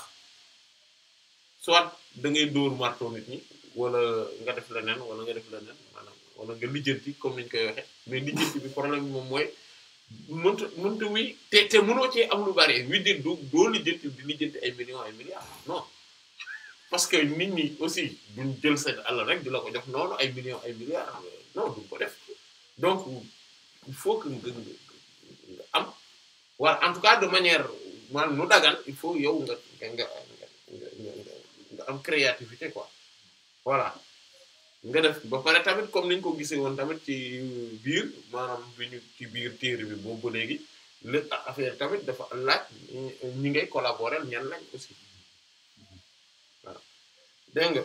soit da ngay dóor marto nit ni wala nga def leneen wala nga def leneen manam wala nga lijjanti comme niñ koy waxe mais lijjanti bi problème bi moom mooy mënta mënta wuy te te mëno ci am lu bari wi di do doo lijjanti di lijjanti ay millions ay milliards non parce que nit aussi jël Allah rek ko ay millions ay non ko donc il faut que am en tout cas de manière il faut yow nga nga créativité quoi voilà nga def ba comme tamit ci ci bi affaire tamit dafa ñi ngay collaborer ñan aussi dégg nga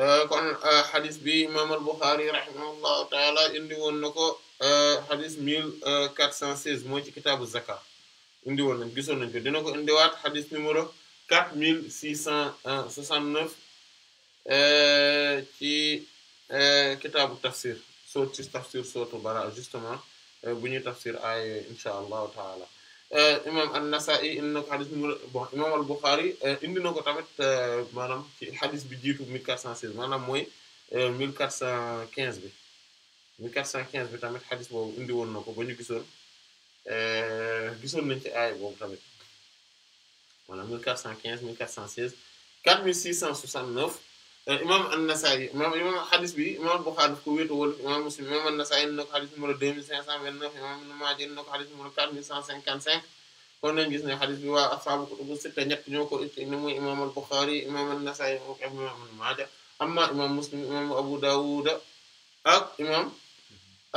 eh, kon eh, xadis bi imam al Bukhari rahimahullahu taala indi woon na ko eh, xadis 1416 mooy ci kitaabu zaka indi woon nañ gisoon nañ ko dina ko indiwaat xadis numéro 4669 ci kitaabu tafsir soo ci tafsir sootu bara justement bu ñuy tafsir aay yooyu incha allahu taala Euh, imam an-Nasa'i indi na ko xadis numéro bon imam al-Bukhari euh, indi na ko tamit euh, maanaam ci xadis bi jiitu 1416 maanaam mooy 1415 bi 1415 bi tamit xadis boobu indi woon na ko ba ñu gisoon gisoon nañ ci aay boobu tamit cent voilà 1415 1416 4669 imam an nasai imam imam xadis bi imam Buxaari daf ko wéetu wala imam Muslim imam an-Nasaa'i indi na ko xadis numéro 2529 imam Ibn Maaja indi na ko xadis numéro 4155 kon nañu gis ne xadis bi waa ashaabu kutubu sitta ñett ñoo ko itte ni imam al bukhari imam an-Nasaa'i ak imam Ibn Maaja amma imam Muslim imam Abu Daawud ak imam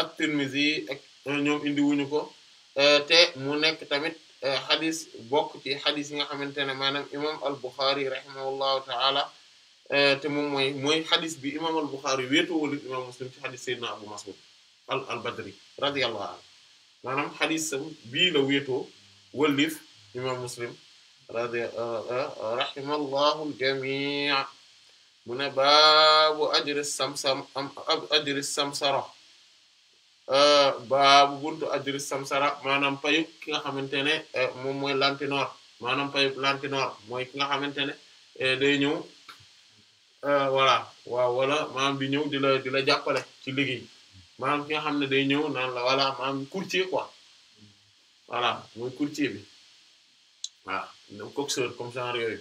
ak Tirmizi ak ñoom indi wuñu ko te mu nekk tamit xadis bokk ci xadis yi nga xamante ne maanaam imam al-Buxaari rahimahullahu ta'ala te moom mooy mooy xadis bi imam al Bukhari wéetoo wala imam Muslim ci xadis Seydina Abu Mas'ud al al Badri radiyallahu anhu maanaam xadisam bii la wéetoo wëllif imam Muslim radi rahimallahu al jami' mu ne ajri samsam am ajri samsara babu buntu ajri samsara manam payub ki nga xamante ne moom lantinor lantinoor maanaam payub lantinoor ki nga xamante day ñëw Euh, voilà waaw wala maanaam di ñëw di la jàppale ci liggéey maanaam ki nga xam ne day ñëw naan la voilà maanaam courtier quoi wala mooy courtier bi waaw ñoom coxeur comme genre yooyu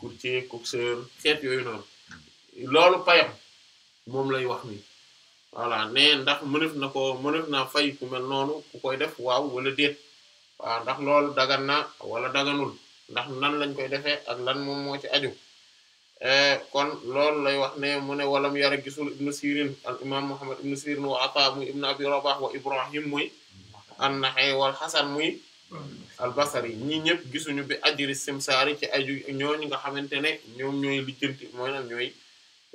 courtier coxeur xeet yooyu noonu loolu payam moom lay wax ni voilà ne ndax mënef na ko mënef naa fay ku mel noonu ku koy def waaw wala déet waaw ndax lool dagan na wala daganul ndax nan lañ koy defee ak lan moom moo ci aju Eh, kon loolu lay wax ne mu ne walam yara gisul ibnu sirin al imam muhammad ibnu sirin wa ata muy ibnu abi rabah wa ibrahim muy an-Naxa'i wal hasan muy al-Basri yi ñii ñëpp gisuñu bi ajri simsaari ci aju ñooñu nga xamante ne ñoom ñooy lijjanti mooy nag ñooy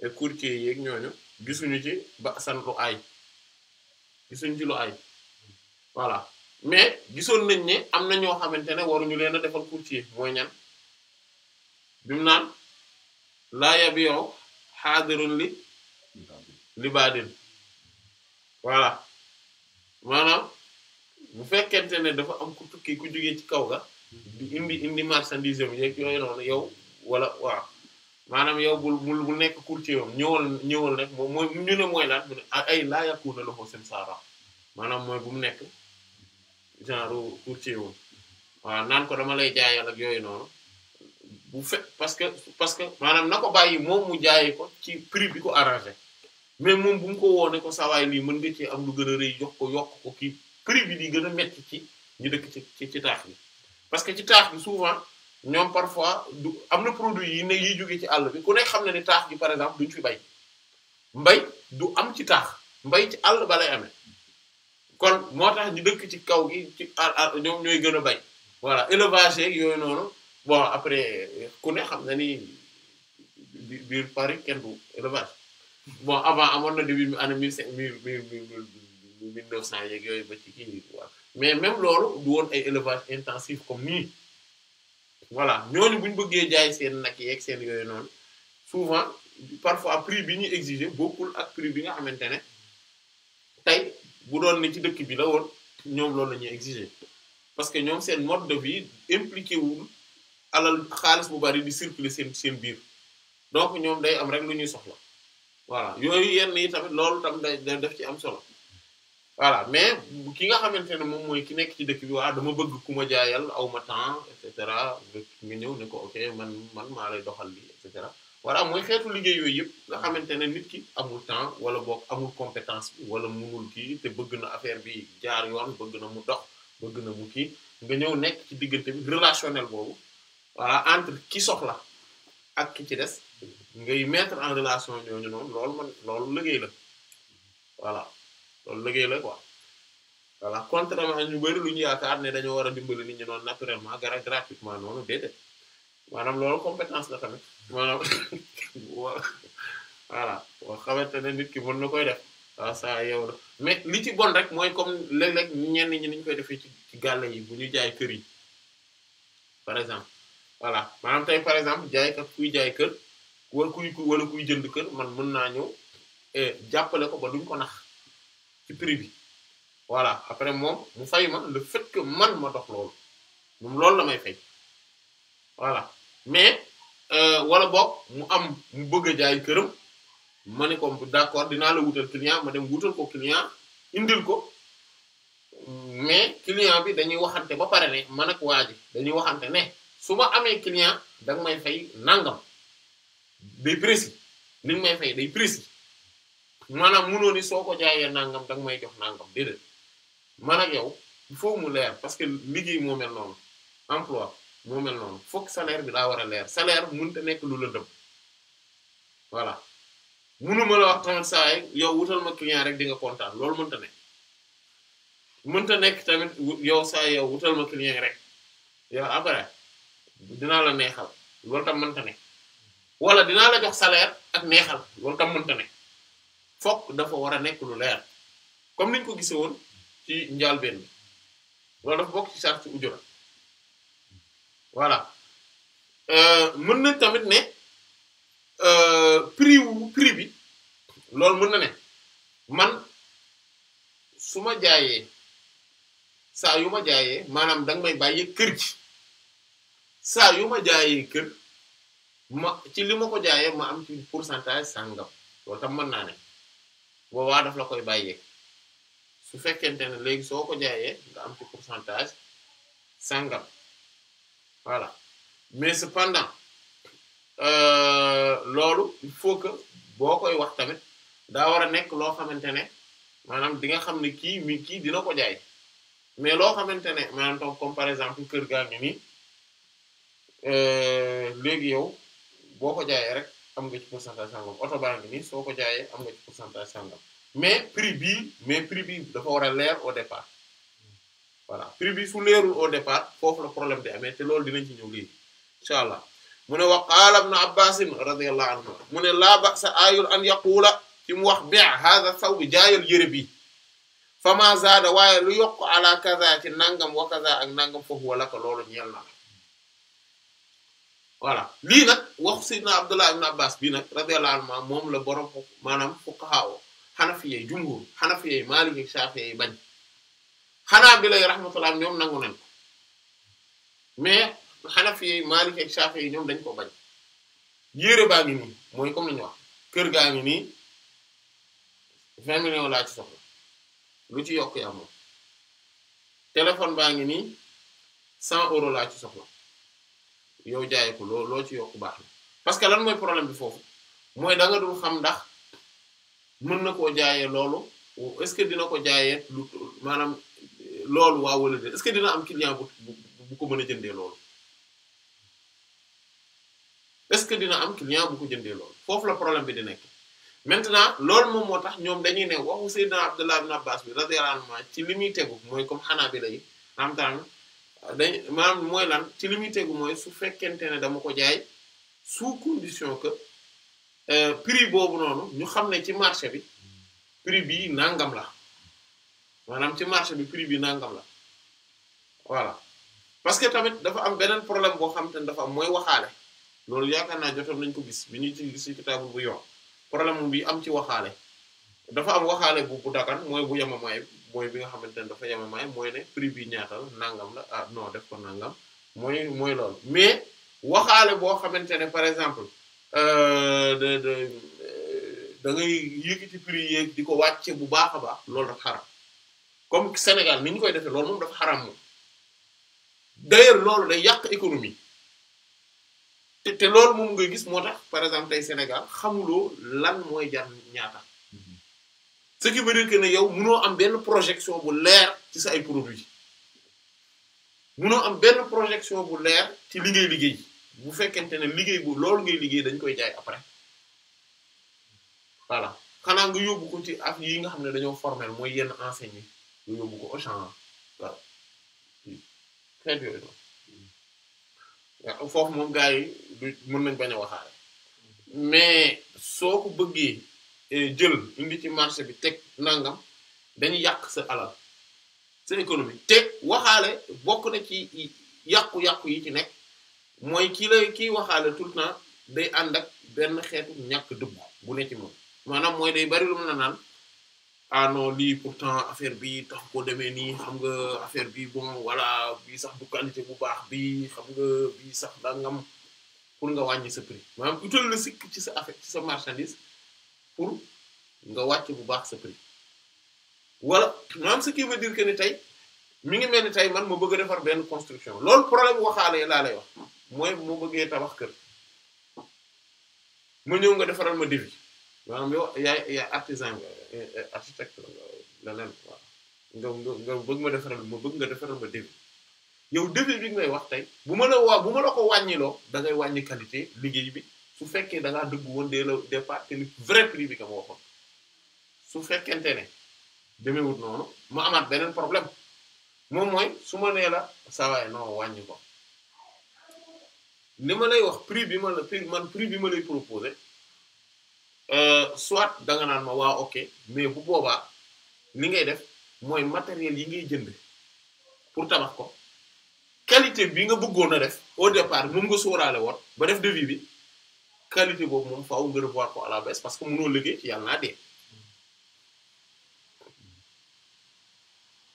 eh, courtier yeeg ñooñu gisuñu ci ba san lu ay gisuñu ci lu ay voilà mais gisoon nañ ne am na ñoo xamante ne waruñu leen a defal courtier mooy ñan bi naan laa yabi'u xaadirun li li baadin voilà maanaam bu fekkente ne dafa am ku tukki ku jógee ci kaw ga indi indi marchandise am yeeg yooyu noonu yow wala waaw maanaam yow bul bul bu nekk courtier am ñëwul ñëwal rek moom mooy ñu ne mooy laat ay laa yàquwul na loxo seen saara maanaam mooy bu mu nekk genre courtier am waaw naan ko dama lay jaayal ak yooyu noonu. bu fait parce que parce que manam nako bayyi bàyyi mu jaayee ko ci prix bi ko arrangé mais mom bu ngi ko woone ko sawaay lii mën nga ci am lu gëna reuy jox ko yok ko kii prix bi di gëna metti ci ñu dëkk ci ci tax bi parce que ci tax bi souvent ñom parfois amna produit yi ne yi jóge ci àll bi ku nekk xamna ni tax gi par exemple duñ fi bay mbay du am ci tax mbay ci àll ba lay amee kon moo tax ñu dëkk ci kaw gi ci ñoom ñooy gën a bay voilà élevage yeeg yooyu bon après ku ne xam dañi ni biir Paris ken du élevage bon avant amone na début année mille cinq mille mille ba ci kii waaw mais même lolu du won ay élevage intensif comme ni voilà ñoni bu ñu bëggee jaay seen nag yeeg seen yoy non souvent parfois prix bi ñuy exiger beaucoup ak prix bi nga xamantene tay bu doon ni ci dëkk bi la won ñom lolu la ñuy exiger parce que ñom seen mode de vie impliqué wul. alal xaalis bu bari di circuler seen seen biir donc ñoom day am rek lu ñuy soxla waaw yooyu yenn yi tamit loolu tam day def ci am solo voilà mais ki nga xamante ne moom mooy ki nekk ci dëkk bi waa dama bëgg ku ma jaayal aw ma temps et cetera nga ñëw ne ko ok man man maa lay doxal lii et cetera voilà mooy xeetu liggéey yooyu yëpp nga xamante ne nit ki amul temps wala boog amul compétence bi wala munul ki te bëgg na affaire bi jaar yoon bëgg na mu dox bëgg na mu kii nga ñëw nekk ci diggante bi relationnel boobu voilà entre ki soxla ak ki ci des ngay mettre en relation ñooñu noonu loolu man loolu liggéey la voilà loolu liggéey la quoi voilà contrairement ñu bari lu ñu yaakaar ne dañoo war a dimbali nit ñi noonu naturellement gara gratuitement noonu déedéet maanaam loolu compétence la tamit maanaam voilà boo xamante ne nit ki mën na koy def waaw saa yow la mais li ci bon rek mooy comme léeg-léeg ñenn ñi ni ñu koy defee ci gàlle yi bu ñu jaay kër yi par exemple voilà maanaam tey par exemple jaaykat kuy jaay kër wala kuy wala kuy jënd kër man mën naa ñëw eh, jàppale ko ba duñ ko nax ci prix bi voilà après moom mu fay ma le fait man ma dox loolu moom loolu la may fay voilà mais euh, wala bo mu am mu bëgg a jaay këram ma ne ko d'accord dinaa la wutal client ma dem wutal ko client indil ko mais client bi dañuy waxante ba pare ne man ak waa dañuy waxante ne. su ma amee client da nga may fay nangam day précis li may fay day précis maanaam munoo ni soo ko jaayee nangam da nga may jox nangam déedéet man ak yow il mu leer parce que liggéey moo mel noonu emploi moo mel noonu foog salaire bi daa war a leer salaire mënut nekk lu la dem voilà munuma wax tamit saa yow wutal ma client rek di nga kontaan loolu mënta nekk mënta nekk tamit yow saa yow wutal ma client rek yow après. dinaa la neexal loolu tam mënta ne wala dinaa la jox salaire ak neexal loolu tam mënta fokk dafa war a nekk lu leer comme niñ ko gisee woon ci njàlbéen bi loolu dafa bokk ci sart ci ujura voilà euh, mën tamit ne euh, prix wu prix bi loolu mën na ne man su ma jaayee saa yu ma jaayee maanaam danga may bàyyi kër saa yu ma jaayee kër ma ci li ma ko jaayee ma am ci pourcentage sàngam loolu mën naa ne boobaa daf la koy bàyyeeg su fekkente ne léegi soo ko jaayee nga am voilà mais cependant euh, loolu il faut que boo koy wax tamit daa war a nekk loo xamante ne maanaam di nga xam ne kii mi kii dina ko jaay mais loo xamante ne maanaam toog comme par exemple kër gaa ngi nii Euh, léegi yow boo ko jaayee rek am nga ci pourcentage sangam oto baa ngi nii soo ko jaayee am nga ci pourcentage mais prix bii mais prix bi dafa war a leer au départ voilà prix bi fu leerul au départ foofu la problème di amee te loolu dinañ ci ñëw léegi incha allah mu ne wa qaala ibn Abbaas radiyallahu anhu mu ne laa ba'sa aayul an yaquula ci mu wax bi' haadha thawb bi jaayal yëre bi fama zaada waaye lu yokk ala kaza ci nangam wa kaza ak nangam foofu wala ko loolu voilà lii nag wax Seydina Abdullah ibn Abbas bii nag radiyallahu anhuma moom la borom maanaam fuqaha xanafiyey jumhur xanafiyey maaliki shafiyey bañ xanaa bi lay rahmatullah ñoom nangu nañ ko mais xanafiyey maaliki shafiyey ñoom dañ ko bañ yére baa ngi nii mooy comme lañu wax kër gaa ngi nii vingt laa ci soxla lu ci yokk yaa moom téléphone baa ngi nii cent euros laa ci soxla yow jaayee ko loo loo ci yokku baax na parce que lan mooy problème bi foofu mooy da dul xam ndax mën na koo jaayee loolu est-ce que dina ko jaayee lu maanaam euh, loolu waa wala déet que dina am client bu bu ko mën a jëndee loolu est-ce que dina am client ko jëndee loolu foofu la problème bi di nekk maintenant loolu moom moo tax ñoom dañuy ne waxu Seydina Abdullah ibn Abbas bi radiyallahu anhu ci li muy tegu mooy comme xanaa bi lay am dañ maanaam mooy lan ci li muy mooy su fekkente ne dama ko jaay sous condition que euh, prix boobu noonu ñu xam ne ci marché bi prix bi nangam la maanaam ci marché bi prix bi nangam la voilà parce que tamit dafa am beneen problème boo xam te ne dafa am mooy waxaale loolu yaakaar naa jotoon nañ ko gis bi ñu ci gis ci bu yor problème bi am ci waxaale dafa am waxaale bu bu dagan mooy bu yemamaay mooy bi nga xamante ne dafa yemamaay mooy ne prix bi ñaata la nangam la ah non def ko nangam mooy mooy loolu mais waxaale boo xamante ne par exemple euh, de de euh, da ngay yëkkati prix yeeg di ko wàcce bu baax a baax loolu dafa xaram comme Sénégal ni ñu koy defee loolu moom dafa xaram moom d'ailleurs loolu day yàq économie te te loolu moom ngay gis moo tax par exemple tey Sénégal xamuloo lan mooy jar ñaata. ce qui veut dire que ne yow munoo am benn projection bu leer ci sa ay produits munoo am benn projection bu leer ci liggéey liggéey bu fekkente ne liggéey bu loolu ngay liggéey dañ koy jaay après voilà xanaa nga yóbbu ko ci ak yi nga xam ne dañoo formel mooy yenn enseigné nga yóbbu ko Auchan waaw xeet foofu moom gars yi mën nañ bañ a waxaare mais soo ko bëggee jël indi ci marché bi teg nangam dañuy yàq sa alal sa économie te waxaale bokk na ci yàqu-yàqu yi ci nekk mooy kii lay kii waxaale tout le temps day ànd ak benn xeetu ñàkk dëggu bu ne ci moom maanaam mooy day bari lu mu la naan ah non lii pourtant affaire bi tax ko demee nii xam nga affaire bi bon voilà bii sax du qualité bu baax bi xam nga bii sax dangam pour nga wàññi sa prix maanaam utal la sikk ci sa affaire ci sa marchandise pour nga wàcc bu baax sa prix wala maanaam ce qui veut dire que ni tey mu ngi mel ni tey man ma bëgg a defar benn construction loolu problème waxaale laa lay wax mooy mu bëggee tabax kër ma ñëw nga defaral ma devis maanaam yow yaay yaay artisan nga architecte la leneen waaw nga nga bëgg ma defaral ma bëgg nga defaral ma devis yow devis bi ngay wax tey bu ma la waa bu ma la ko wàññiloo da ngay wàññi qualité liggéey bi su fekkee dangaa ngaa dëgg woon dès le départ te ni vrai prix bi nga ma waxoon su fekkente ne demeewul noonu mu amaat beneen problème moom mooy su ma nee la saa waay non wàññi ko li ma lay wax prix bi ma la prix man prix bi ma lay proposer euh, soit danga nga naan ma waa ok mais bu boobaa ni ngay def mooy matériel yi ngay jënd pour tabax ko qualité bi nga bëggoon a def au départ moom nga sóoraale woon ba def devis bi. qualité boobu moom faaw nga revoir ko à la baisse parce que mënoo liggéey ci yàlla naa dee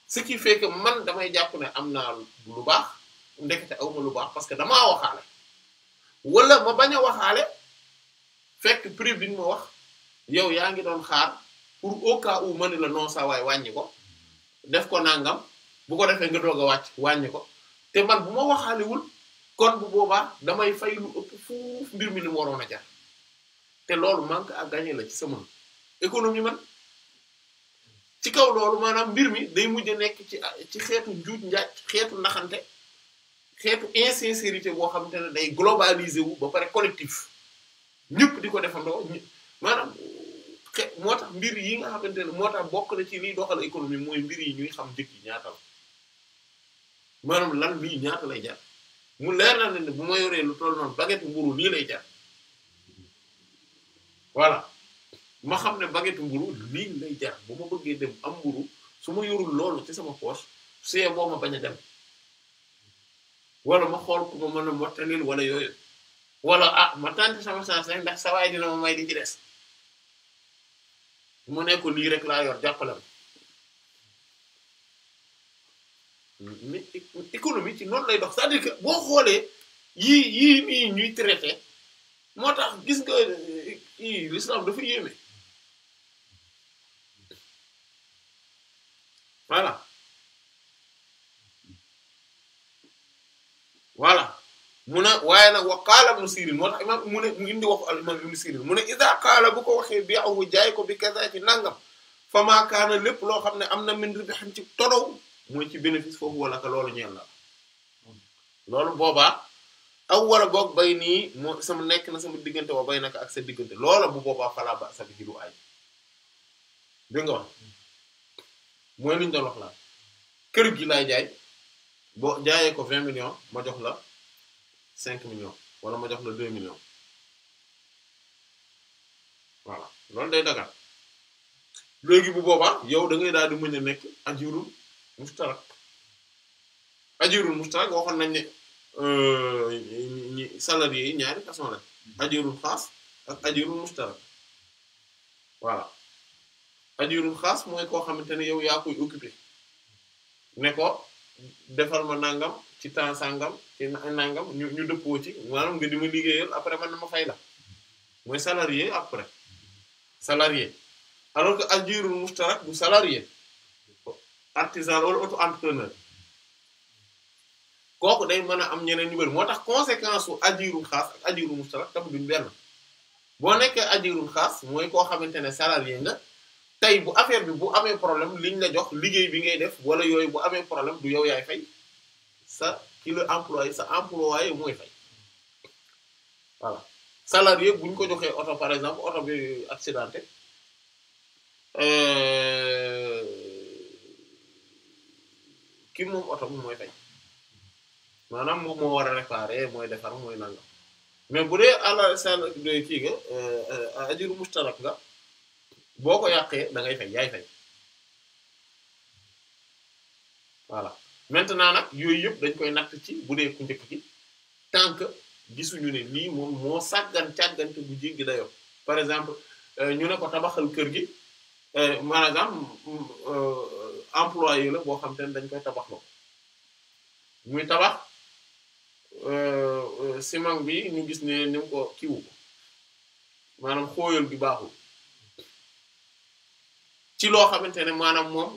ce qui fait man damay jàpp ne am naa lu baax ndekete awma lu baax parce que damaa waxaale wala ma bañ a waxaale fekk prix bi ñu ma wax yow yaa ngi doon xaar pour au cas ma la non saa waay wàññi ko def ko nangam bu ko defee nga doog a wàcc wàññi ko te man bu ma waxaalewul kon bu boobaa damay fay lu ëpp fuuf mbir mi ni waroon a jar te loolu manque ak gagner la ci sama économie man ci kaw loolu maanaam mbir mi day mujj a nekk ci ci xeetu njuuj njaaj xeetu naxante xeetu insincérité boo xamante ne day globalisé wu ba pare collectif ñëpp di ko defandoo maanaam xe moo tax mbir yi nga xamante ne moo tax bokk na ci liy doxal économie mooy mbir yi ñuy xam njëg yi ñaata la maanaam lan lii ñaata lay jar. mu leer na ne bu ma yoree lu toll noonu baguette mburu lii lay jar voilà ma xam ne baguette mburu lii lay jar bu ma bëggee dem am mburu su ma yorul loolu ci sama poche suyee boo ma bañ a dem wala ma xool ku ma mën a mottalil wala yooyu wala ah ma tànn sama chance rek ndax sawaay dina ma may di ci des mu ne ko lii rek laa yor jàppale ma mais économie ci noonu lay dox cest dire que boo xoolee yii yii nii ñuy traité moo tax gis nga i l'islam dafa yéeme voilà voilà mu ne waaye nag wa qaala ibnu Sirin moo tax imaam mu ne mu indi waxu al imaam ibnu Sirin mu ne iza bu ko waxee bi awu jaay ko bi kaza ci nangam fa maa kaana lépp loo xam ne am na min ribi xam ci torow moy ci bénéfice fofu wala ka lolu ñëll na hmm. loolu boobaa aw wala bay sama nek na sama digënté wa bay naka ak sa digënté lolu bu boba fala ba sa bi du ay bi nga wax mooy liñ wax la kër gi lay jaay bo jaayé ko 20 millions ma jox la 5 millions wala ma jox la 2 millions voilà lolu day dagal léegi bu boba yow da ngay daal di mëna nek ak mustarak ajirul mustarak waxoon nañ ne ñi euh, salarié yi ñaari façon la ajirul xaas ak ajirul mustarak voilà ajirul xas mooy koo xamante ne yow yaa koy occupé ne ko defal ma nangam ci temps sangam ci nangam ñu ñu dëppoo ci maanaam nga di ma liggéeyal après man na mooy salarié après salarié alors que ajirul mustarak du salarié artisan wala auto entrepreneur kooku day mën a am ñeneen ñu bëri moo tax conséquence su ajirum xaas ak ajirum mustarak tam duñ benn boo nekkee ajirum xaas mooy koo xamante ne salarié nga tey bu affaire bi bu amee problème liñ la jox liggéey bi ngay def wala yooyu bu amee problème du yow yaay fay sa ki la employé sa employé mooy fay voilà salarié ko joxee oto par exemple oto bi accidenté. Euh, ki moom oto bi mooy fay maanaam moom moo war a réparer mooy defar mooy nangam mais bu dee ala sal doy kii nga euh, euh, ajiru mustarak nga boo ko yàqee da ngay fay yaay fay voilà maintenant nag yooyu yëpp dañ koy natt ci bu dee ku njëkk gi tant gisuñu ne lii moom moo sàggan càggante bu jéggi dayoo par exemple euh, ñu ne ko tabaxal kër gi par exemple employé la boo xam te ne dañ koy tabax la muy tabax euh, euh, ciment bi ñu gis ne ni mu ko kiwu ko maanaam xooyol bi baaxul ci loo xamante ne maanaam moom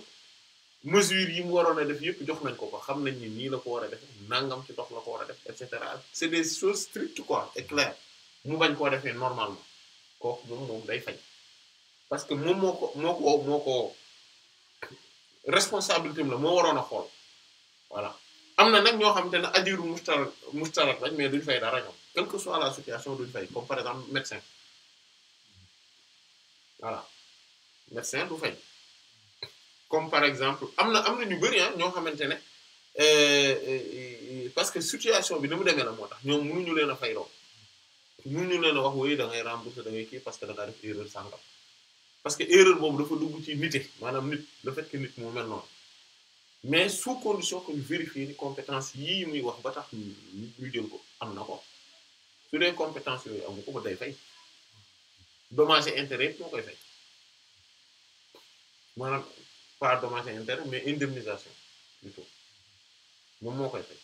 mesure yi mu waroon a def yëpp jox nañ ko ko xam nañ ni nii la ko war a def nangam ci dox la ko war a def et cetera c'est des choses strictes quoi et clair mu bañ koo defee normalement kooku moom moom day fay parce que moom moo ko moo ko responsabilité am la moo waroon a xool voilà am na nag ñoo xamante ne ajiru mustarak mustarak lañ mais duñ fay dara ñoom quelle que soit la situation duñ fay comme par exemple médecin voilà médecin du fay comme par exemple am na am na ñu bari ah, ñoo xamante ne euh, parce que situation bi ni mu demee la moo tax ñoom mënuñu leen fay loo mënuñu leen a wax woyu da ngay rembourser da parce que da def erreur sàngam parce que erreur bobu dafa dugg ci nite manam nit le fait que nit mo mel non. mais sous condition que ñu vérifier ni compétence yi muy wax ba tax ñu jël ko am nako ko su dee compétence yooyu amu ko ba day fay dommage intérêt yëpp koy fay maanaam pas dommage intérêt mais indemnisation plutôt moom moo koy fay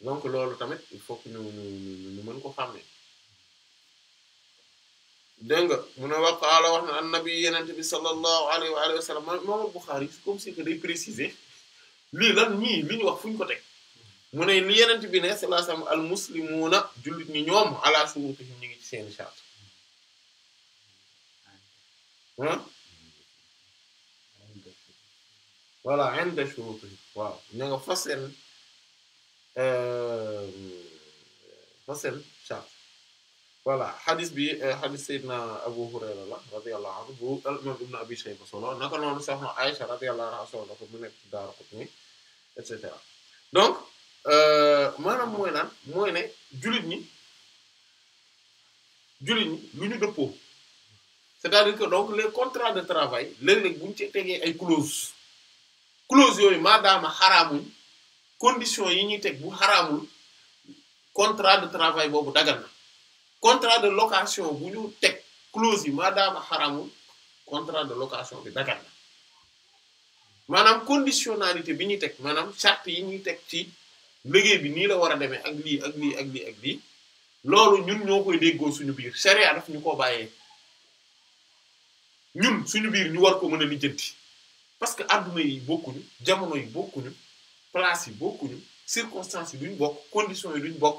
donc lolu tamit il faut que ñu ñu ñu mën ko xàmmee. dégg nga mu ne wa qaala wax na annabi yenente bi sallallahu alayhi wa alihi wa sallam imam Bukhari comme c'est que day préciser lii lan ñii li ñu wax fu ñu ko teg mu ne li yenente bi ne sallallahu alayhi wa sallam al muslimuuna jullit ñi ñoom ala shurutihim ñu ngi ci seeni charte ah voilà inda shurutihim waaw ña nga fa seen fa seen charte voilà xadis bi xadis euh, Seydina Abu Hurayra la radiyallahu anhu bu imam Ibn Abi Shayba solo naka noonu soxna Aisha radiyallahu anha solo ko mu nekk Daaraqutni et cetera donc euh, maanaam mooy naan mooy ne jullit ñu dëppoo c'est-à-dire que donc les contrats de travail léeg-léeg bu ñu ci tegee ay clauses clauses yooyu maadaama xaraamuñ conditions yi ñuy teg bu xaraamul contrat de travail boobu dagal contrat de location bu ñu teg clause yi maadaama xaramul contrat de location bi dagan na maanaam conditionnalité bi ñuy teg maanaam charte yi ñuy teg ci liggéey bi nii la war a demee ak lii ak lii ak lii ak lii loolu ñun ñoo koy déggoo suñu biir sharia daf ñu ko bàyyee ñun suñu biir ñu war ko mën a lijjanti parce que adduna yi bokkuñu jamono yi bokkuñu place yi bokkuñu circonstances yi duñ bokk conditions yi duñ bokk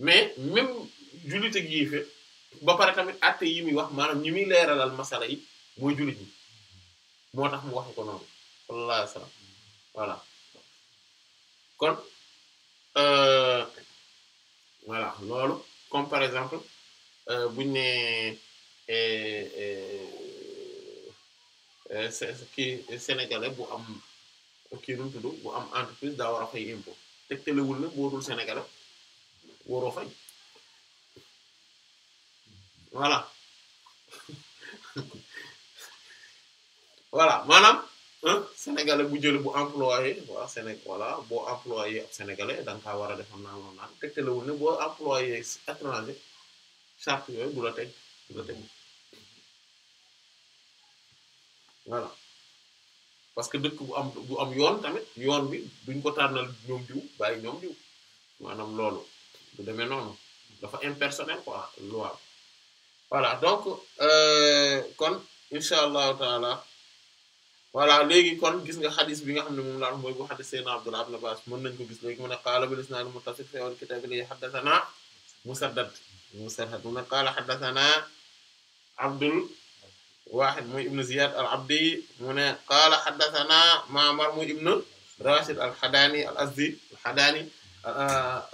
mais même jullit ak yéeféer ba pare tamit atte yi muy wax maanaam ñi muy leeralal masala yi mooy jullit ñi moo tax mu waxu ko noonu sallallahu alayhi wasallam voilà kon euh, voilà loolu comme par exemple euh, buñu ne euh, kii sénégalais bu am kii nu mu tudd bu am entreprise daa war a fay impôt tegtalewul la boo dul sénégalais waroo fay voilà voilà maanaam sénégalais bu jël bu employé waa Séné employé ab sénégalais da nga war a defam naa noonu naan tegtalewul ne boo employé étranger charte yooyu du la teg du la parce que dëkk bu am yoon tamit yoon bi duñ ko tànnal ñoom diw bàyyi ñoom diw maanaam loolu su demee noonu dafa impersonnel quoi Loi. voilà donc kon Inch'Allah, taala voilà léegi kon gis nga xadis bi nga xam ne moom laal mooy bu xadis seydna Abdullah ibn Abbas mën nañu ko gis léegi mu ne qaala bil isnaad muttasil fi awwal kitaab li haddathana musaddad musaddad mu ne qaala haddathana abdul واحد مو ابن زياد العبدي من قال حدثنا معمر مو ابن راشد الحداني الأزدي الحداني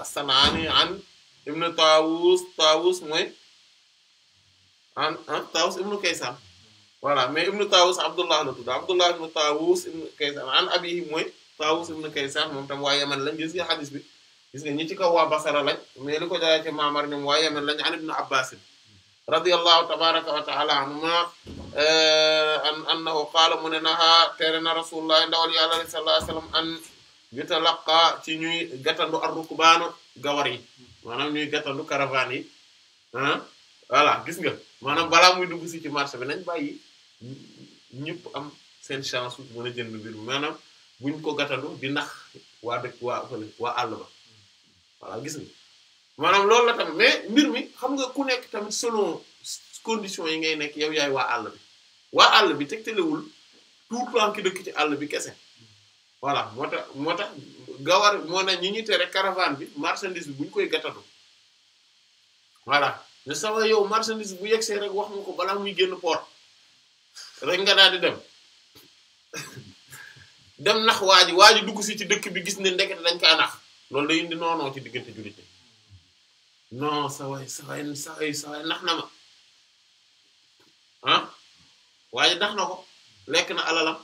الصنعاني آه، عن ابن طاووس طاووس موي عن عن طاووس ابن كيسان voilà mais ابن طاووس عبد الله بن طاووس عبد الله بن طاووس ابن كيسان عن ابيه موي طاووس ابن كيسان مام تام وايام لا نجيس يا حديث بي جيس ني تي كو وا بصره لا مي لوكو جاي تي مامر ني وايام لا عن ابن عباس رضي الله تبارك وتعالى عنهما آه، ان انه قال من نها ترنا رسول الله صلى الله عليه وسلم ان yutalaqa ci ñuy gàttandu ar-rukbaanu gawar yi maanaam ñuy gàttandu caravane yi ah voilà gis nga maanaam balaa muy dugg si ci marché bi nañ bàyyi ñëpp am seen chance bu mën a jënd mbir maanaam bu buñ ko gàttandu di nax waa dëkk waa fële waa àll ba voilà gis nga maanaam loolu la tamit mais mbir mi xam nga ku nekk tamit selon conditions yi ngay nekk yow yaay waa àll bi waa àll bi tegtalewul tout le temps ki dëkk ci àll bi kese. voilà moo tax moo tax gawar moo na ñi ñu tere caravane bi marchandise bi bu ñu koy gàttatu voilà ne sawa yow marchandise bu yegsee rek wax ko balaa muy génn port rek nga daal di dem dem nax waa ji waa ji dugg si ci dëkk bi gis ne ndekete dañ kaa nax loolu day indi noonoo ci diggante jullit ñi non na ma ah waa na ko lekk na alalam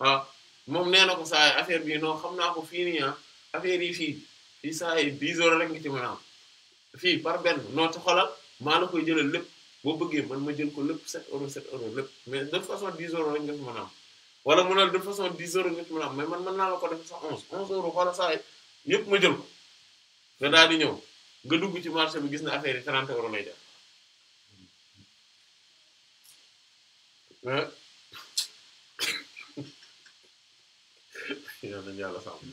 waaw ah, moom nee na ko saa affaire bi non xam naa ko fii nii ah affaire yi fii fii saa yi 10 euros rek nga ci mën a fii par benn noo ci xoolal maa la koy jëlal lépp boo bëggee man ma jël ko lépp 7 euros 7 euros lépp mais de façon 10 euros rek nga a am wala mu ne de façon 10 euros a mais man mën naa ko def sax 11 11 euros xoolal saa yi yëpp ma jël ko nga daal di ñëw nga dugg ci marché bi gis na affaire yi 30 euros lay def. yal nañu yàlla sàmm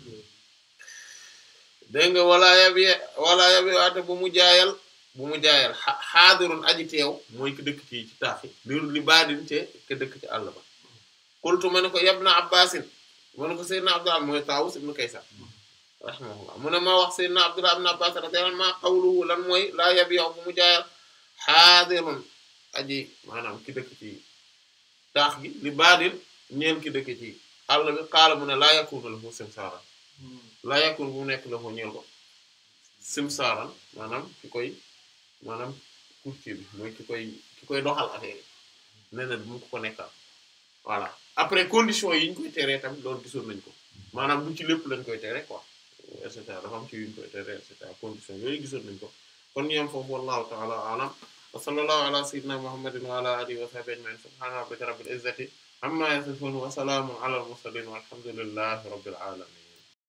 nga wala yabi wala yabi bu mu jaayal bu mu jaayal xaadirun aji teew mooy ki dëkk ci ci li baadin te ke dëkk ci àll ba qultu ma ne ko yabna abbasin ma ne ko seydna abdullah mooy taawus ibnu kaysar rahimahullah mu ne ma wax seydna abdullah ibnu abbas radiyallahu anhu ma qawluhu lan mooy laa yabi yow bu mu jaayal xaadirun aji maanaam ki dëkk ci taax gi li baadin ñeen ki dëkk ci àll bi xaala mu ne laa yakunu lahu simsaaran hmm. laa yakunu bu nekk lahu ñeel ko simsaaran maanaam ki koy maanaam courtier bi mooy ki koy ki koy doxal a yi nee na du mu ko ko nekkal voilà après condition yi ñu koy teree tamit loolu gisoon nañ ko maanaam du ci lépp lañ koy tere quoi et cetera dafa am ci yuñ koy tere et condition yooyu gisoon nañ ko kon ñu am foofu wallahu ta'ala a'lam wa sallallahu ala sayyidina muhammadin wa ala alihi wa sahbihi ajma'in subhana rabbika rabbil عما يصفون وسلام على المرسلين والحمد لله رب العالمين